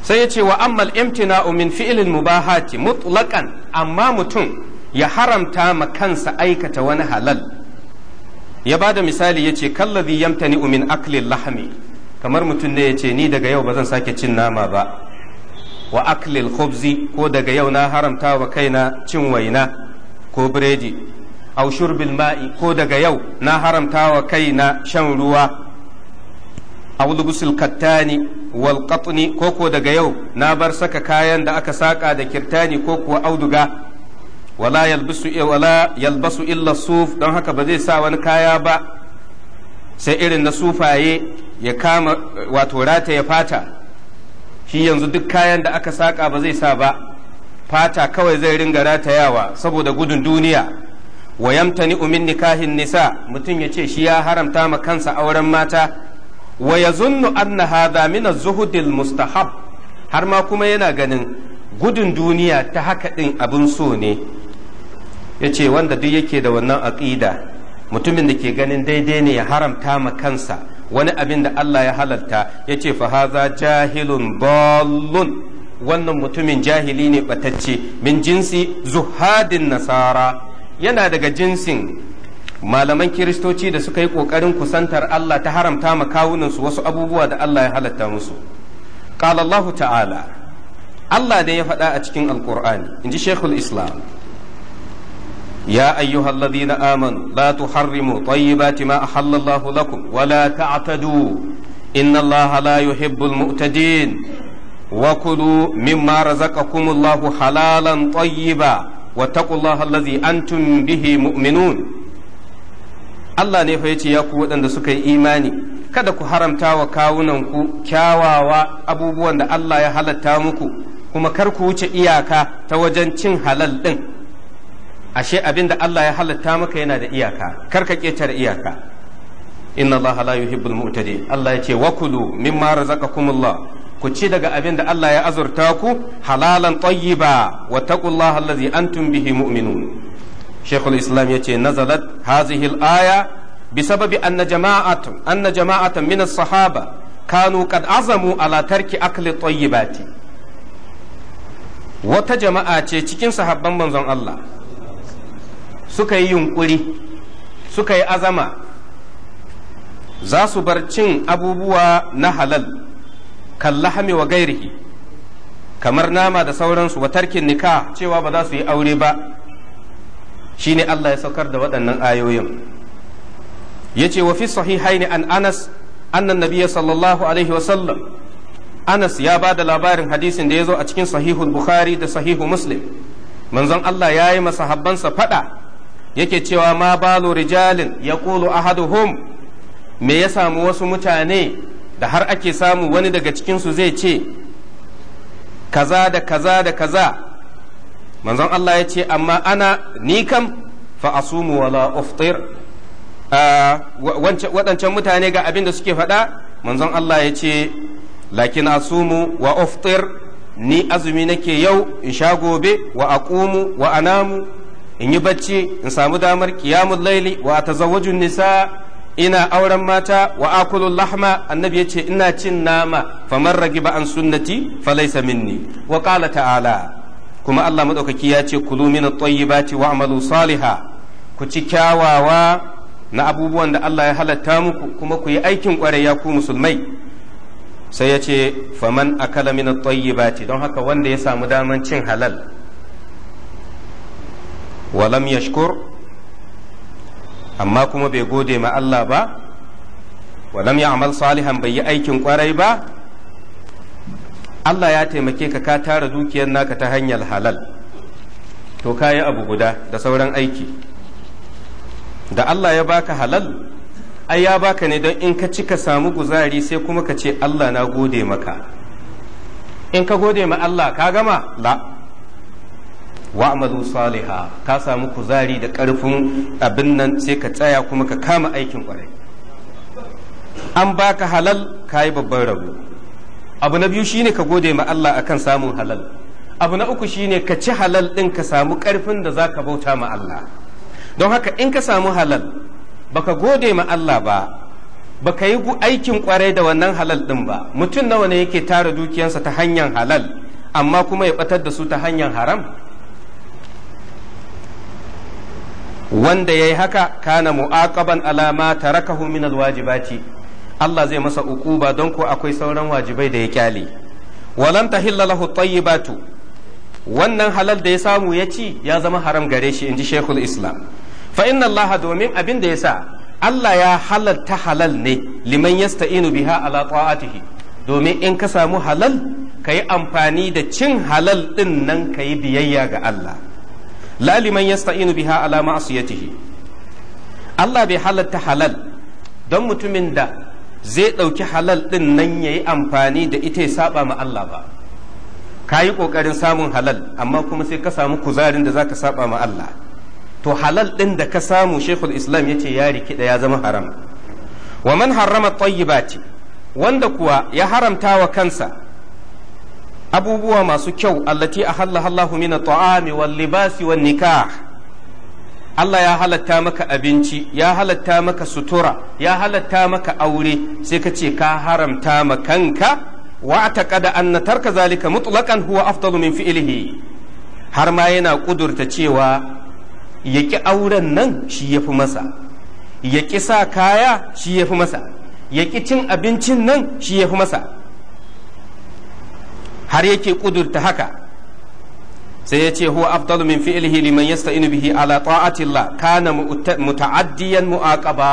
sai ya ce wa ammal imtina'u min fi'lil mubahati mutlaqan amma mutum ya haramta ma kansa aikata wani halal ya bada misali ya ce kallazi yamtani umin aklin lahami kamar mutum ne ya ce ni daga yau ba zan sake cin nama ba wa aklil khubzi ko daga yau na haramta wa kaina cin waina ko biredi au shurbil ma'i ko daga yau na haramta wa kaina shan ruwa au lubusul kattani wal qatni ko ko daga yau na bar saka kayan da aka saka da kirtani ko kuwa auduga wala yalbasu wala yalbasu illa suf don haka ba zai sa wani kaya ba sai irin na sufaye ya kama wato rata ya fata shi yanzu duk kayan da aka saka ba zai sa ba fata kawai zai ringa ratayawa saboda gudun duniya wa yamtani umin nikahin nisa mutum ya ce shi ya haramta ma kansa auren mata wa yazunnu anna hadha min az-zuhudil mustahab har ma kuma yana ganin gudun duniya ta haka din abun so ne ya ce wanda duk yake da wannan aƙida mutumin da ke ganin daidai ne ya haramta ma kansa wani abin da Allah ya halalta ya ce fahaza jahilun ballun wannan mutumin jahili ne batacce min jinsi zuhadin nasara yana daga jinsin malaman kiristoci da suka yi ƙoƙarin kusantar Allah ta haramta ma kawunansu wasu abubuwa da Allah ya halatta musu qala ta'ala Allah ne ya faɗa a cikin alƙur'ani in ji islam يا أيها الذين آمنوا لا تحرموا طيبات ما أحل الله لكم ولا تعتدوا إن الله لا يحب المؤتدين وكلوا مما رزقكم الله حلالا طيبا واتقوا الله الذي أنتم به مؤمنون الله نفيتي يقول أن سكي إيماني kada ku haramta wa kawunanku kyawawa abubuwan da Allah ya halatta muku kuma kar ku wuce iyaka ta wajen cin halal ɗin ashe abin da Allah ya halatta maka yana da iyaka kar ka ƙetare iyaka inna Allah la yuhibbul mu'tadi Allah ya ce wakulu kulu mimma razaqakumullah ku ci daga abin da Allah ya azurta ku halalan tayyiba wa taqullaha allazi antum bihi mu'minun Sheikhul Islam ya ce nazalat hadhihi al-aya bisababi anna jama'atan anna jama'atan min as-sahaba kanu qad azamu a latarki akli tayyibati wata jama'a ce cikin sahabban manzon Allah suka yi yunkuri suka yi azama za su bar cin abubuwa na halal kallahami wa gairihi kamar nama da sauransu wa tarkin nika cewa ba za su yi aure ba ne Allah ya saukar da waɗannan ayoyin ya ce wa fi sahihaini an anas annan nabiya sallallahu alaihi wasallam anas ya ba da labarin hadisin da ya zo a cikin sahihul bukhari da sahihu muslim manzon Allah ya yi masahabbansa faɗa yake cewa ma balu rijalin ya kulu ahaduhum me ya samu wasu mutane da har ake samu wani daga cikinsu zai ce kaza da kaza da kaza manzon Allah ya ce amma ana ni kam fa asumu wala uftir waɗancan mutane ga abin da suke faɗa manzon Allah ya ce lakin asumu wa uftir ni azumi nake yau in sha gobe wa aqumu wa anamu in yi bacci in samu damar qiyamul laili wa tazawwaju nisa ina auren mata wa akulul lahma annabi yace ina cin nama faman ragiba an sunnati falaysa minni wa qala ta'ala kuma Allah madaukaki ya ce kulu min at-tayyibati wa'malu saliha ku ci kyawawa na abubuwan da Allah ya halatta muku kuma ku yi aikin kwarai ku musulmai sai ya ce faman akala min at-tayyibati don haka wanda ya samu daman cin halal walam yashkur amma kuma bai gode ma Allah ba walam ya amal salihan bai yi aikin kwarai ba Allah ya taimake ka ka tara dukiyar naka ta hanyar halal to ka yi abu guda da sauran aiki da Allah ya baka halal ai ya baka ne don in ka ci ka samu guzari sai kuma ka ce Allah na gode maka in ka gode ma Allah ka gama la amalu saliha ka samu kuzari da karfin abin nan sai ka tsaya kuma ka kama aikin kwarai an baka halal ka yi babban rabo abu na biyu shine ka gode ma Allah akan samun halal abu na uku shine ka ci halal din ka samu karfin da za ka bauta ma Allah don haka in ka samu halal baka gode ma Allah ba baka yi aikin kwarai da wannan halal din ba mutum nawa ne yake tara dukiyansa ta hanyar halal amma kuma ya batar da su ta hanyar haram wanda yayi haka kana mu'aqaban alama ma tarakahu min alwajibati Allah zai masa uquba don ko akwai sauran wajibai da ya kyale walan tahilla lahu tayyibatu wannan halal da ya samu ya ci ya zama haram gare shi inji shaykhul Islam fa inna Allah domin abin da ya sa. Allah ya halalta halal ne liman yasta'inu biha ala ta'atihi domin in ka samu halal kayi amfani da cin halal din nan ka biyayya ga Allah Laliman yasta'inu biha ala ma'siyatihi Allah bai halatta halal don mutumin da zai ɗauki halal ɗin nan ya yi amfani da ita ya saba ma Allah ba ka yi ƙoƙarin samun halal amma kuma sai ka samu kuzarin da za ka saba ma Allah to halal ɗin da ka samu shekul islam ya ce ya rikida ya zama haram wa man harrama tayyibati wanda kuwa ya haramta wa kansa abubuwa masu kyau allati ahalla Allahu min at wal libasi wan nikah Allah ya halatta maka abinci ya halatta maka sutura ya halatta maka aure sai ka ce ka haramta ma kanka wa taqada anna tarka zalika mutlaqan huwa afdalu min fi'lihi har ma yana kudurta cewa yaki auren nan shi yafi masa yaki sa kaya shi yafi masa yaki cin abincin nan shi yafi masa har yake kudurta haka sai ya ce huwa afdalu min fi'lihi liman yasta'inu bihi ala ta'atillah kana muta'addiyan mu'aqaba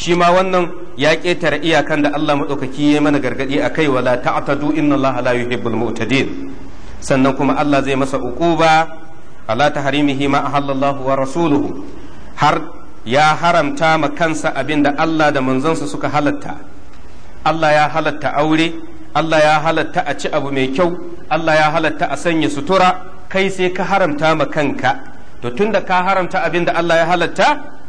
shi ma wannan ya ketare iyakan da Allah madaukaki ya mana gargadi akai la ta'tadu inna Allah la yuhibbul mu'tadin sannan kuma Allah zai masa uquba ala tahrimihi ma ahallallahu wa rasuluhu har ya haramta ma kansa abinda Allah da manzansa suka halatta Allah ya halatta aure Allah ya halatta a ci abu mai kyau Allah ya halatta a sanya sutura kai sai ka haramta ma kanka to tunda ka haramta abin da Allah ya halatta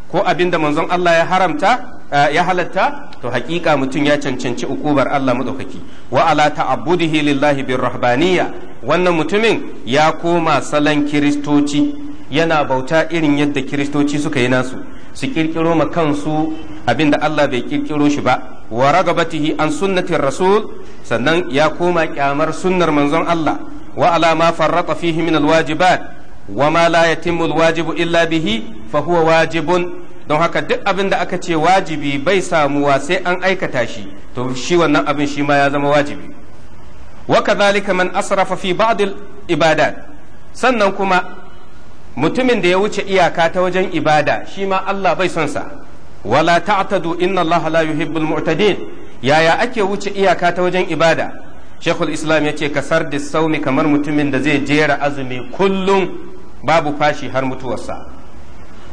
ko abin da manzon Allah ya haramta eh, ya halatta to hakika mutum ya cancanci ukubar Allah madaukaki wa ala ta'abbudihi lillahi bin rahbaniyya wannan mutumin ya koma salon kiristoci yana bauta irin yadda kiristoci suka yi nasu su kirkiro ma kansu abin da Allah bai kirkiro shi ba wa ragabatihi an sunnatin rasul sannan ya koma kyamar sunnar manzon Allah wa ala ma farrata fihi min alwajibat wa ma la yatimmu alwajibu illa bihi fa huwa wajibun don haka duk abin da aka ce wajibi bai samuwa sai an aikata shi to shi wannan abin shi ma ya zama wajibi wa kadhalika man asrafa fi ba'd ibadat sannan kuma mutumin da ya wuce iyaka ta wajen ibada shi ma Allah bai son sa wala ta'tadu inna allaha la yuhibbul mu'tadin yaya ake wuce iyaka ta wajen ibada shekul islam ya ce kasar da sauni kamar mutumin da zai jera azumi kullum babu fashi har mutuwarsa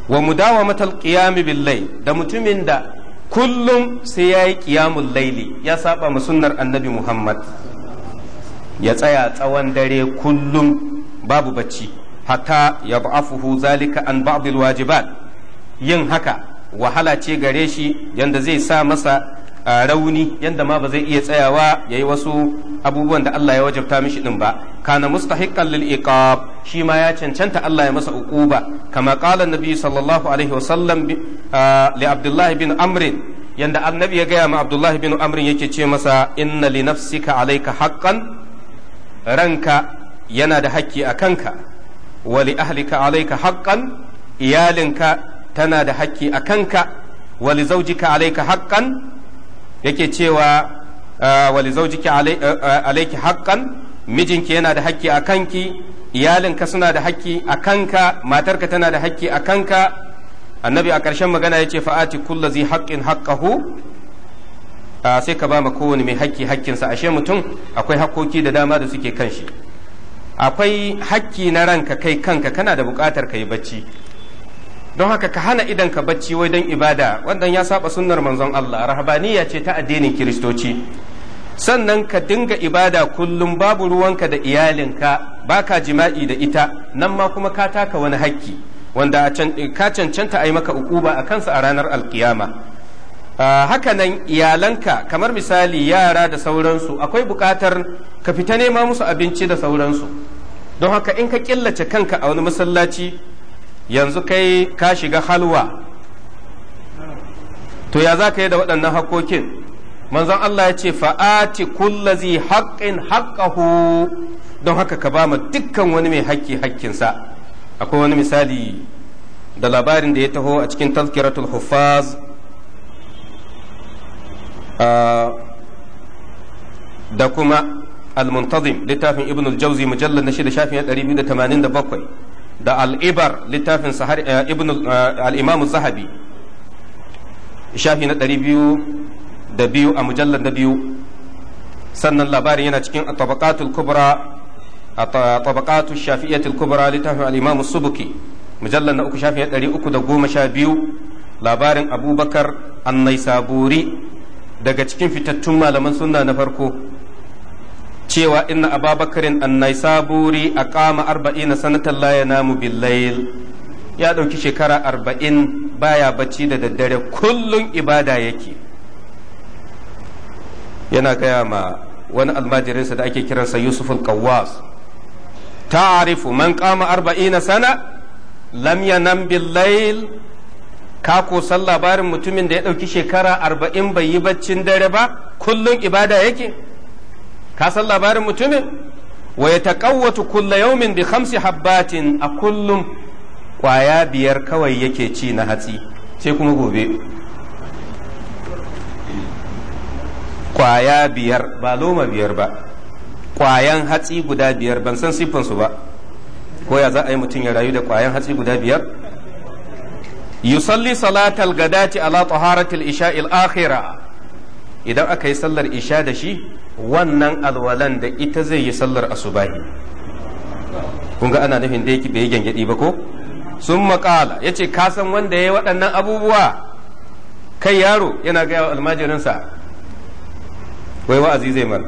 wa mudawamatal qiyami bil layl da mutumin da kullum sai yayi qiyamul layli ya saba ma sunnar annabi muhammad ya tsaya tsawon dare kullum babu bacci hatta ya ba'afuhu zalika an ba'dil wajibat yin haka wahala ce gare shi yanda zai sa masa rauni yanda ma ba zai iya tsayawa ya yi wasu abubuwan da Allah ya wajabta mishi din ba kana mustahiqqan lil iqab shi ma ya cancanta Allah ya masa uquba kama qala annabi sallallahu alaihi wasallam li abdullah bin amr yanda annabi ya gaya ma abdullah bin amr yake ce masa inna li nafsika alayka haqqan ranka yana da hakki a kanka wa li ahlika alayka haqqan iyalinka tana da hakki a kanka wali zaujika alaika haƙƙan yake cewa ah, wali zaujika alaiki eh, eh, haƙƙan mijinki yana da hakki a kanki iyalinka suna da hakki a kanka matarka tana da hakki a kanka annabi a ƙarshen magana ya ce fa'ati kulla zai haƙƙin haƙƙahu ah, sai ka ba ma kowane mai hakki haƙƙinsa ashe mutum akwai hakkoki da dama da suke kan shi akwai hakki na ranka kai kanka kana da buƙatar ka yi bacci don haka ka hana idan ka bacci wai don ibada wannan ya saba sunnar manzon Allah rahabaniya ce ta addinin kiristoci sannan ka dinga ibada kullum babu ruwanka da iyalinka baka jima'i da ita nan ma kuma ka taka wani hakki wanda ka cancanta a yi maka ukuba a kansa a ranar alkiyama ah, haka nan iyalanka kamar misali yara da sauransu akwai bukatar ka fita nema musu abinci da sauransu don haka in ka killace kanka a wani masallaci yanzu kai ka shiga halwa to ya za ka yi da waɗannan haƙoƙin manzon Allah ya ce fa'ati kullazi haƙƙin haƙƙahu don haka ka ba ma dukkan wani mai haƙƙi haƙƙinsa akwai wani misali da labarin da ya taho a cikin tazkiratul huffaz ah, da kuma al-muntazim littafin ibn al-jawzi mujallal na shida shafin 287 da al'ibar littafin eh, Ibn eh, al'imamu zahabi shafi na ɗari biyu da biyu a mujallar da biyu sannan labarin yana cikin a tabakatul kubra a tabakatul shafi'iyatul kubra littafin al'imamu subuki mujallar na uku shafi na ɗari uku da goma sha biyu labarin abubakar Saburi daga cikin fitattun malaman sunna na farko cewa inna ababakarin annai saburi a kama arba'ina sanatan la namu billayil ya ɗauki shekara arba'in baya bacci da daddare kullum ibada yake yana gaya ma wani almajirinsa da ake kiransa yusuf al ta ta'arifu man kama arba'ina sana lam yanam billayil ka kosan san labarin mutumin da ya ɗauki shekara arba'in bai yi baccin dare ba kullum ibada yake ka san labarin mutumin wa ya taƙawwatu kulla yaumin bi khamsi habbatin a kullum ƙwaya biyar kawai yake ci na hatsi sai kuma gobe ƙwaya biyar ba loma biyar ba ƙwayan hatsi guda biyar ban san siffansu ba ko ya za a yi mutum ya rayu da ƙwayan hatsi guda biyar yusalli salatal gadati ala taharatil isha'il akhirah idan aka yi sallar isha da shi wannan alwalan da ita zai yi sallar asubahi kun ga ana nufin da yake bai gyangyaɗi ba ko sun makala ya ce ka san wanda ya yi waɗannan abubuwa kai yaro yana gaya wa almajirinsa wai wa'azi zai mana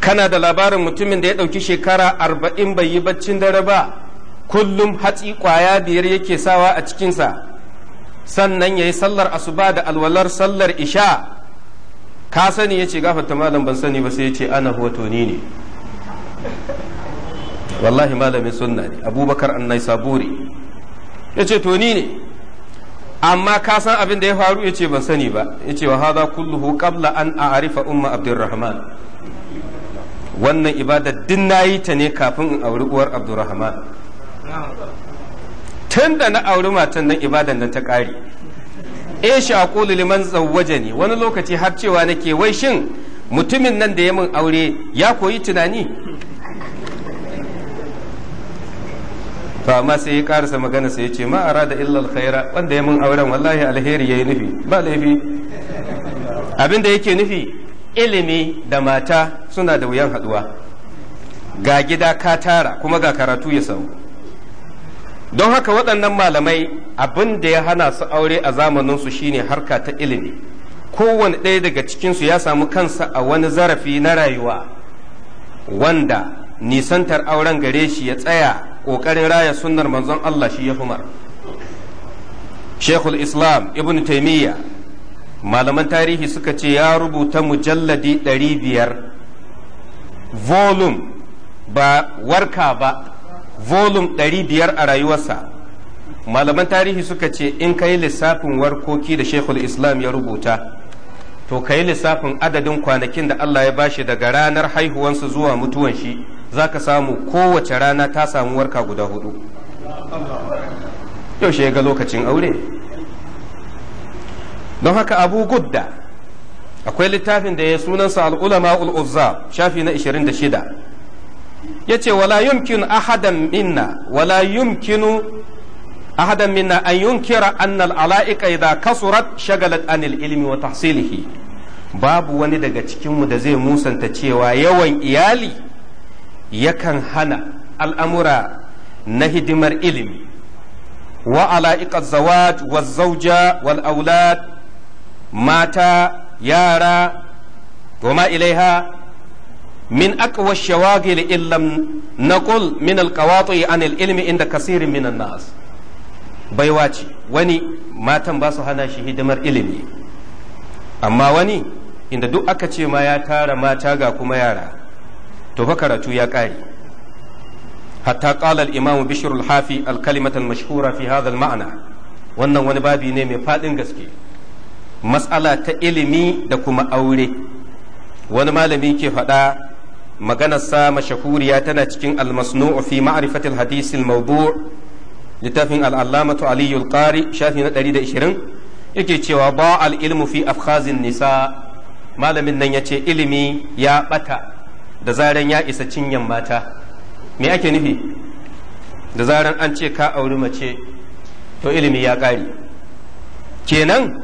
kana da labarin mutumin da ya ɗauki shekara arba'in bai yi baccin dare ba kullum hatsi ƙwaya biyar yake sawa a cikinsa sannan ya yi sallar asuba da alwalar sallar isha ka sani ya ce gafarta malam ban sani ba sai ya ce ana hoto ni ne wallahi malamin sunna ne abubakar annai saburi ya ce to ni ne amma ka san abin da ya faru ya ce ban sani ba ya ce wa haza kulluhu qabla an a'rifa umma abdurrahman wannan ibada din nayi ta ne kafin in auri uwar abdurrahman tun da na auri matan nan ibadan nan ta ƙari e shaqulu liman ne. wani lokaci har cewa nake wai shin mutumin nan da ya min aure ya koyi tunani to amma sai ya karasa magana sai ya ce ma arada illa alkhaira wanda ya min auren wallahi alheri yayi nufi ba laifi abin da yake nufi ilimi da mata suna da wuyan haɗuwa. ga gida ka tara kuma ga karatu ya samu don haka waɗannan malamai abin da ya hana su aure a zamaninsu shine harka ta ilimi kowane ɗaya daga cikinsu ya samu kansa a wani zarafi na rayuwa wanda nisantar auren gare shi ya tsaya ƙoƙarin raya sunnar manzon Allah shi ya humar shekul islam ibn taimiyya malaman tarihi suka ce ya rubuta mujalladi 500 volume ba warka ba Volume ɗari biyar a rayuwarsa malaman tarihi suka ce in ka yi lissafin warkoki da shekul islam ya rubuta to ka yi lissafin adadin kwanakin da Allah ya bashi daga ranar haihuwansa zuwa mutuwan shi za ka samu kowace rana ta samu warka guda hudu yaushe ga lokacin aure don haka abu gudda akwai littafin da ya sunansa al'ulama ul'uzza shafi na 26 yace wala yumkin ahadan minna wala yumkinu ahadan minna an yunkira anna al idha kasurat shagalat anil ilmi wa tahsilihi babu wani daga cikinmu da zai musanta cewa yawan iyali yakan hana al'amura na hidimar ilimi wa ala'iƙar zawaj wa zauja wal aulad mata yara goma ilaiha min aqwa shawagil illam naqul min alqawati an ilmi inda kasirin min nas baiwa ce wani matan ba su hana shi hidimar ilimi amma wani inda duk aka ce ma ya tara mata ga kuma yara to fa karatu ya kare hatta qala al-imam bishr al-hafi al-kalimata al-mashhura fi hadha al wannan wani babi ne mai faɗin gaske matsala ta ilimi da kuma aure wani malami ke faɗa maganarsa mashahuriya tana cikin almasnu'u fi ma'rifatil hadisil mawdu' littafin al'allamatu aliyul qari shafi na 120 yake cewa ba al ilmu fi afkhazin nisa malamin nan yace ilimi ya bata da zaran ya isa cinyan mata me ake nufi da zaran an ce ka auri mace to ilimi ya ƙare kenan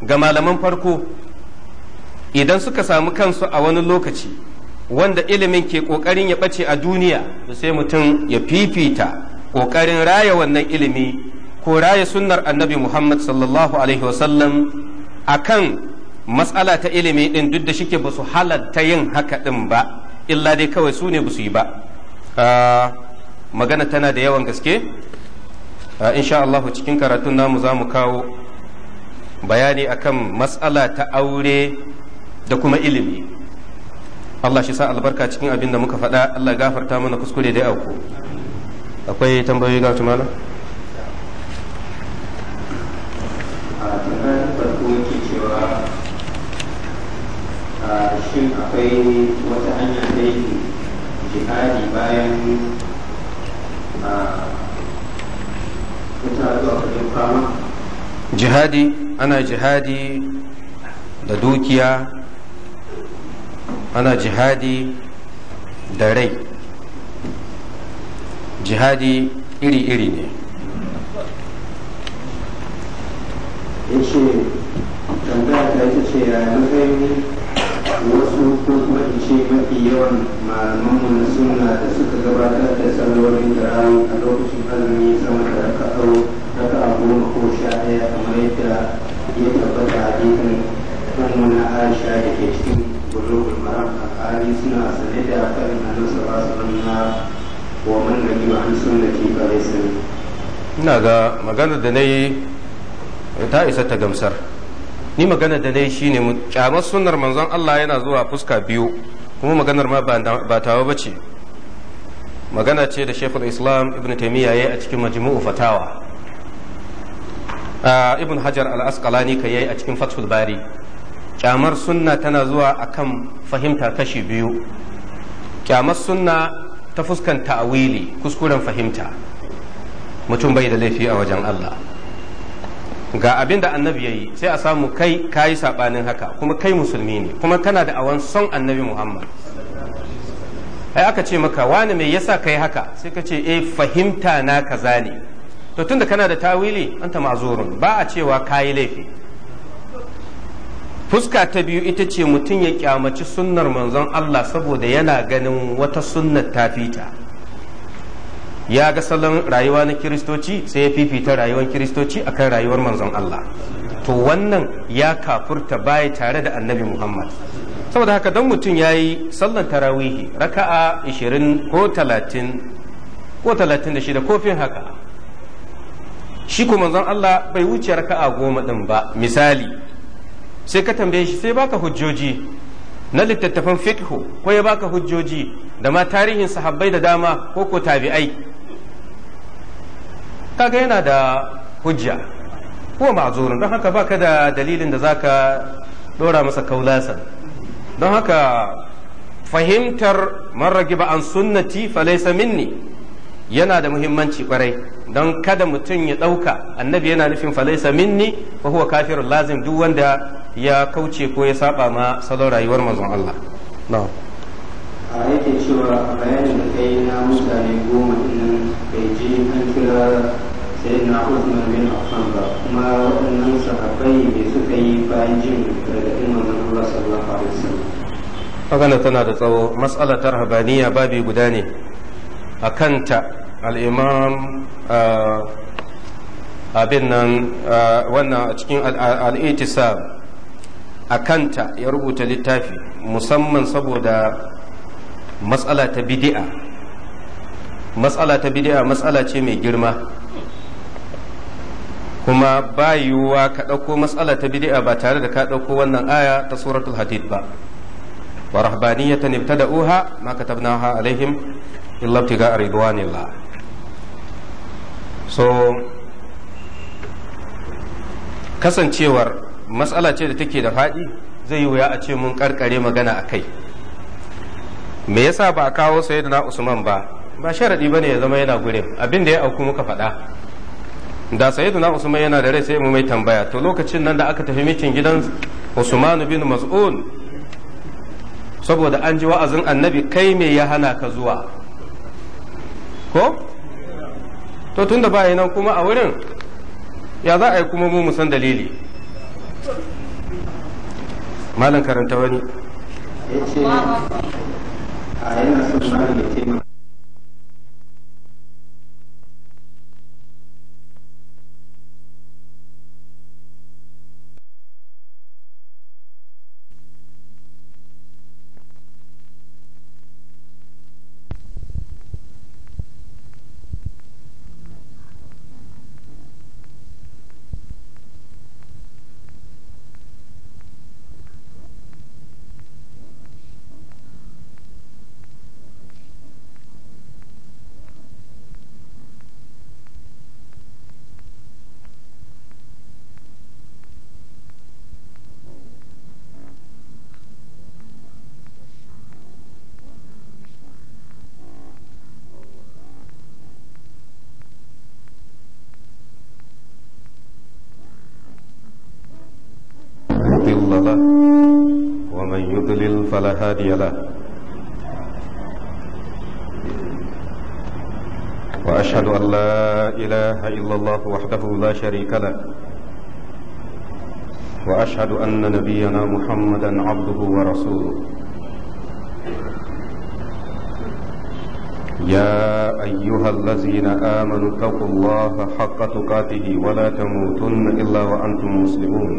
ga malaman farko idan suka samu kansu a wani lokaci wanda ilimin ke ƙoƙarin ya ɓace a duniya sai mutum ya fifita ƙoƙarin raya wannan ilimi ko raya sunnar annabi muhammad sallallahu alaihi wasallam a kan matsala ta ilimi ɗin duk da shike ba su halatta yin haka ɗin ba illa dai kawai su ne ba su yi ba ah, magana tana da yawan gaske ah, insha Allah cikin karatun namu za mu kawo bayani akan matsala ta aure da kuma ilimi Allah shi sa albarka cikin abin da muka faɗa Allah gafarta mana kuskure da auku akwai tambayoyi ga tumala shin akwai wata hanya da yake jihadi bayan zuwa fama. jihadi ana jihadi da dukiya ana jihadi da rai jihadi iri-iri ne ina ga maganar da na yi ta isa ta gamsar ni maganar da na yi shine kyamar sunnar manzon Allah yana zuwa fuska biyu kuma maganar ma ba tawa ba ce magana ce da shekul islam ibn taimiyya ya yi a cikin majmu'u fatawa ibn hajar al-asqalani ka yayi a cikin fathul bari kyamar sunna tana zuwa akan fahimta kashi biyu kyamar sunna ta fuskan ta'awili kuskuren fahimta mutum bai da laifi a wajen Allah ga abin da annabi ya yi sai a samu kai kayi saɓanin haka kuma kai musulmi ne kuma kana da awan son annabi muhammad ai aka ce maka wani mai yasa yi haka sai ka ce eh fahimta na kaza ne to tunda kana da tawili anta ma'zurun ba a cewa kayi laifi fuska ta biyu ita ce mutum ya kyamaci sunnar manzon Allah saboda yana ganin wata sunnar ta fita ya ga salon rayuwa na kiristoci sai ya fifita rayuwar kiristoci akan rayuwar manzon Allah to wannan ya kafurta baya tare da annabi Muhammad saboda haka don mutum ya yi sallan tarawihi raka'a 20 ko 30 ko 36 kofin haka shi ku manzon Allah bai wuce raka'a goma ɗin ba misali sai ka tambaye shi sai baka hujjoji na littattafan fiqhu ko ya baka hujjoji da ma tarihin sahabbai da dama ko ko tabi'ai kaga yana da hujja ko ma'zurin don haka baka da dalilin da zaka dora masa kaulasa don haka fahimtar marragiba an sunnati falaisa minni yana da muhimmanci kwarai don kada mutum ya ɗauka annabi yana nufin falaisa minni fa huwa kafirun lazim duk wanda ya kauce ko ya saba ma salon rayuwar mazan Allah Na. a yake cewa bayanin da kai na mutane goma ɗin bai ji an kira sai na Usman bin Affan ba kuma waɗannan sahabbai ne suka yi bayan jin daga gargaɗin na Allah sallallahu alaihi wasallam magana tana da tsawo ta tarhabaniya babi guda ne a kanta al'imam abin nan wannan a cikin al'itisab a kanta ya rubuta littafi musamman saboda matsala ta bidi'a matsala ta bidi'a matsala ce mai girma kuma ba yiwuwa ka ɗauko matsala ta bidi'a ba tare da ka ɗauko wannan aya ta suratul hadid ba wa da uha ma ha alaihim illa a ridwanillah so kasancewar matsala ce da take da faɗi zai yi wuya a ce mun karkare magana a kai me yasa ba a kawo na usman ba ba ba ne ya zama yana gurin abin da ya auku muka faɗa da na usman yana da rai sai mu mai tambaya to lokacin nan da aka tafi mitin gidan usman bin mas'ud saboda an ji wa'azin annabi kai me ya hana ka zuwa ko to tunda ba nan kuma a wurin ya za a yi kuma mu san dalili malam karanta wani ya ce a yana son malam ya taimaka هادي له وأشهد أن لا إله إلا الله وحده لا شريك له وأشهد أن نبينا محمدا عبده ورسوله يا أيها الذين آمنوا اتقوا الله حق تقاته ولا تموتن إلا وأنتم مسلمون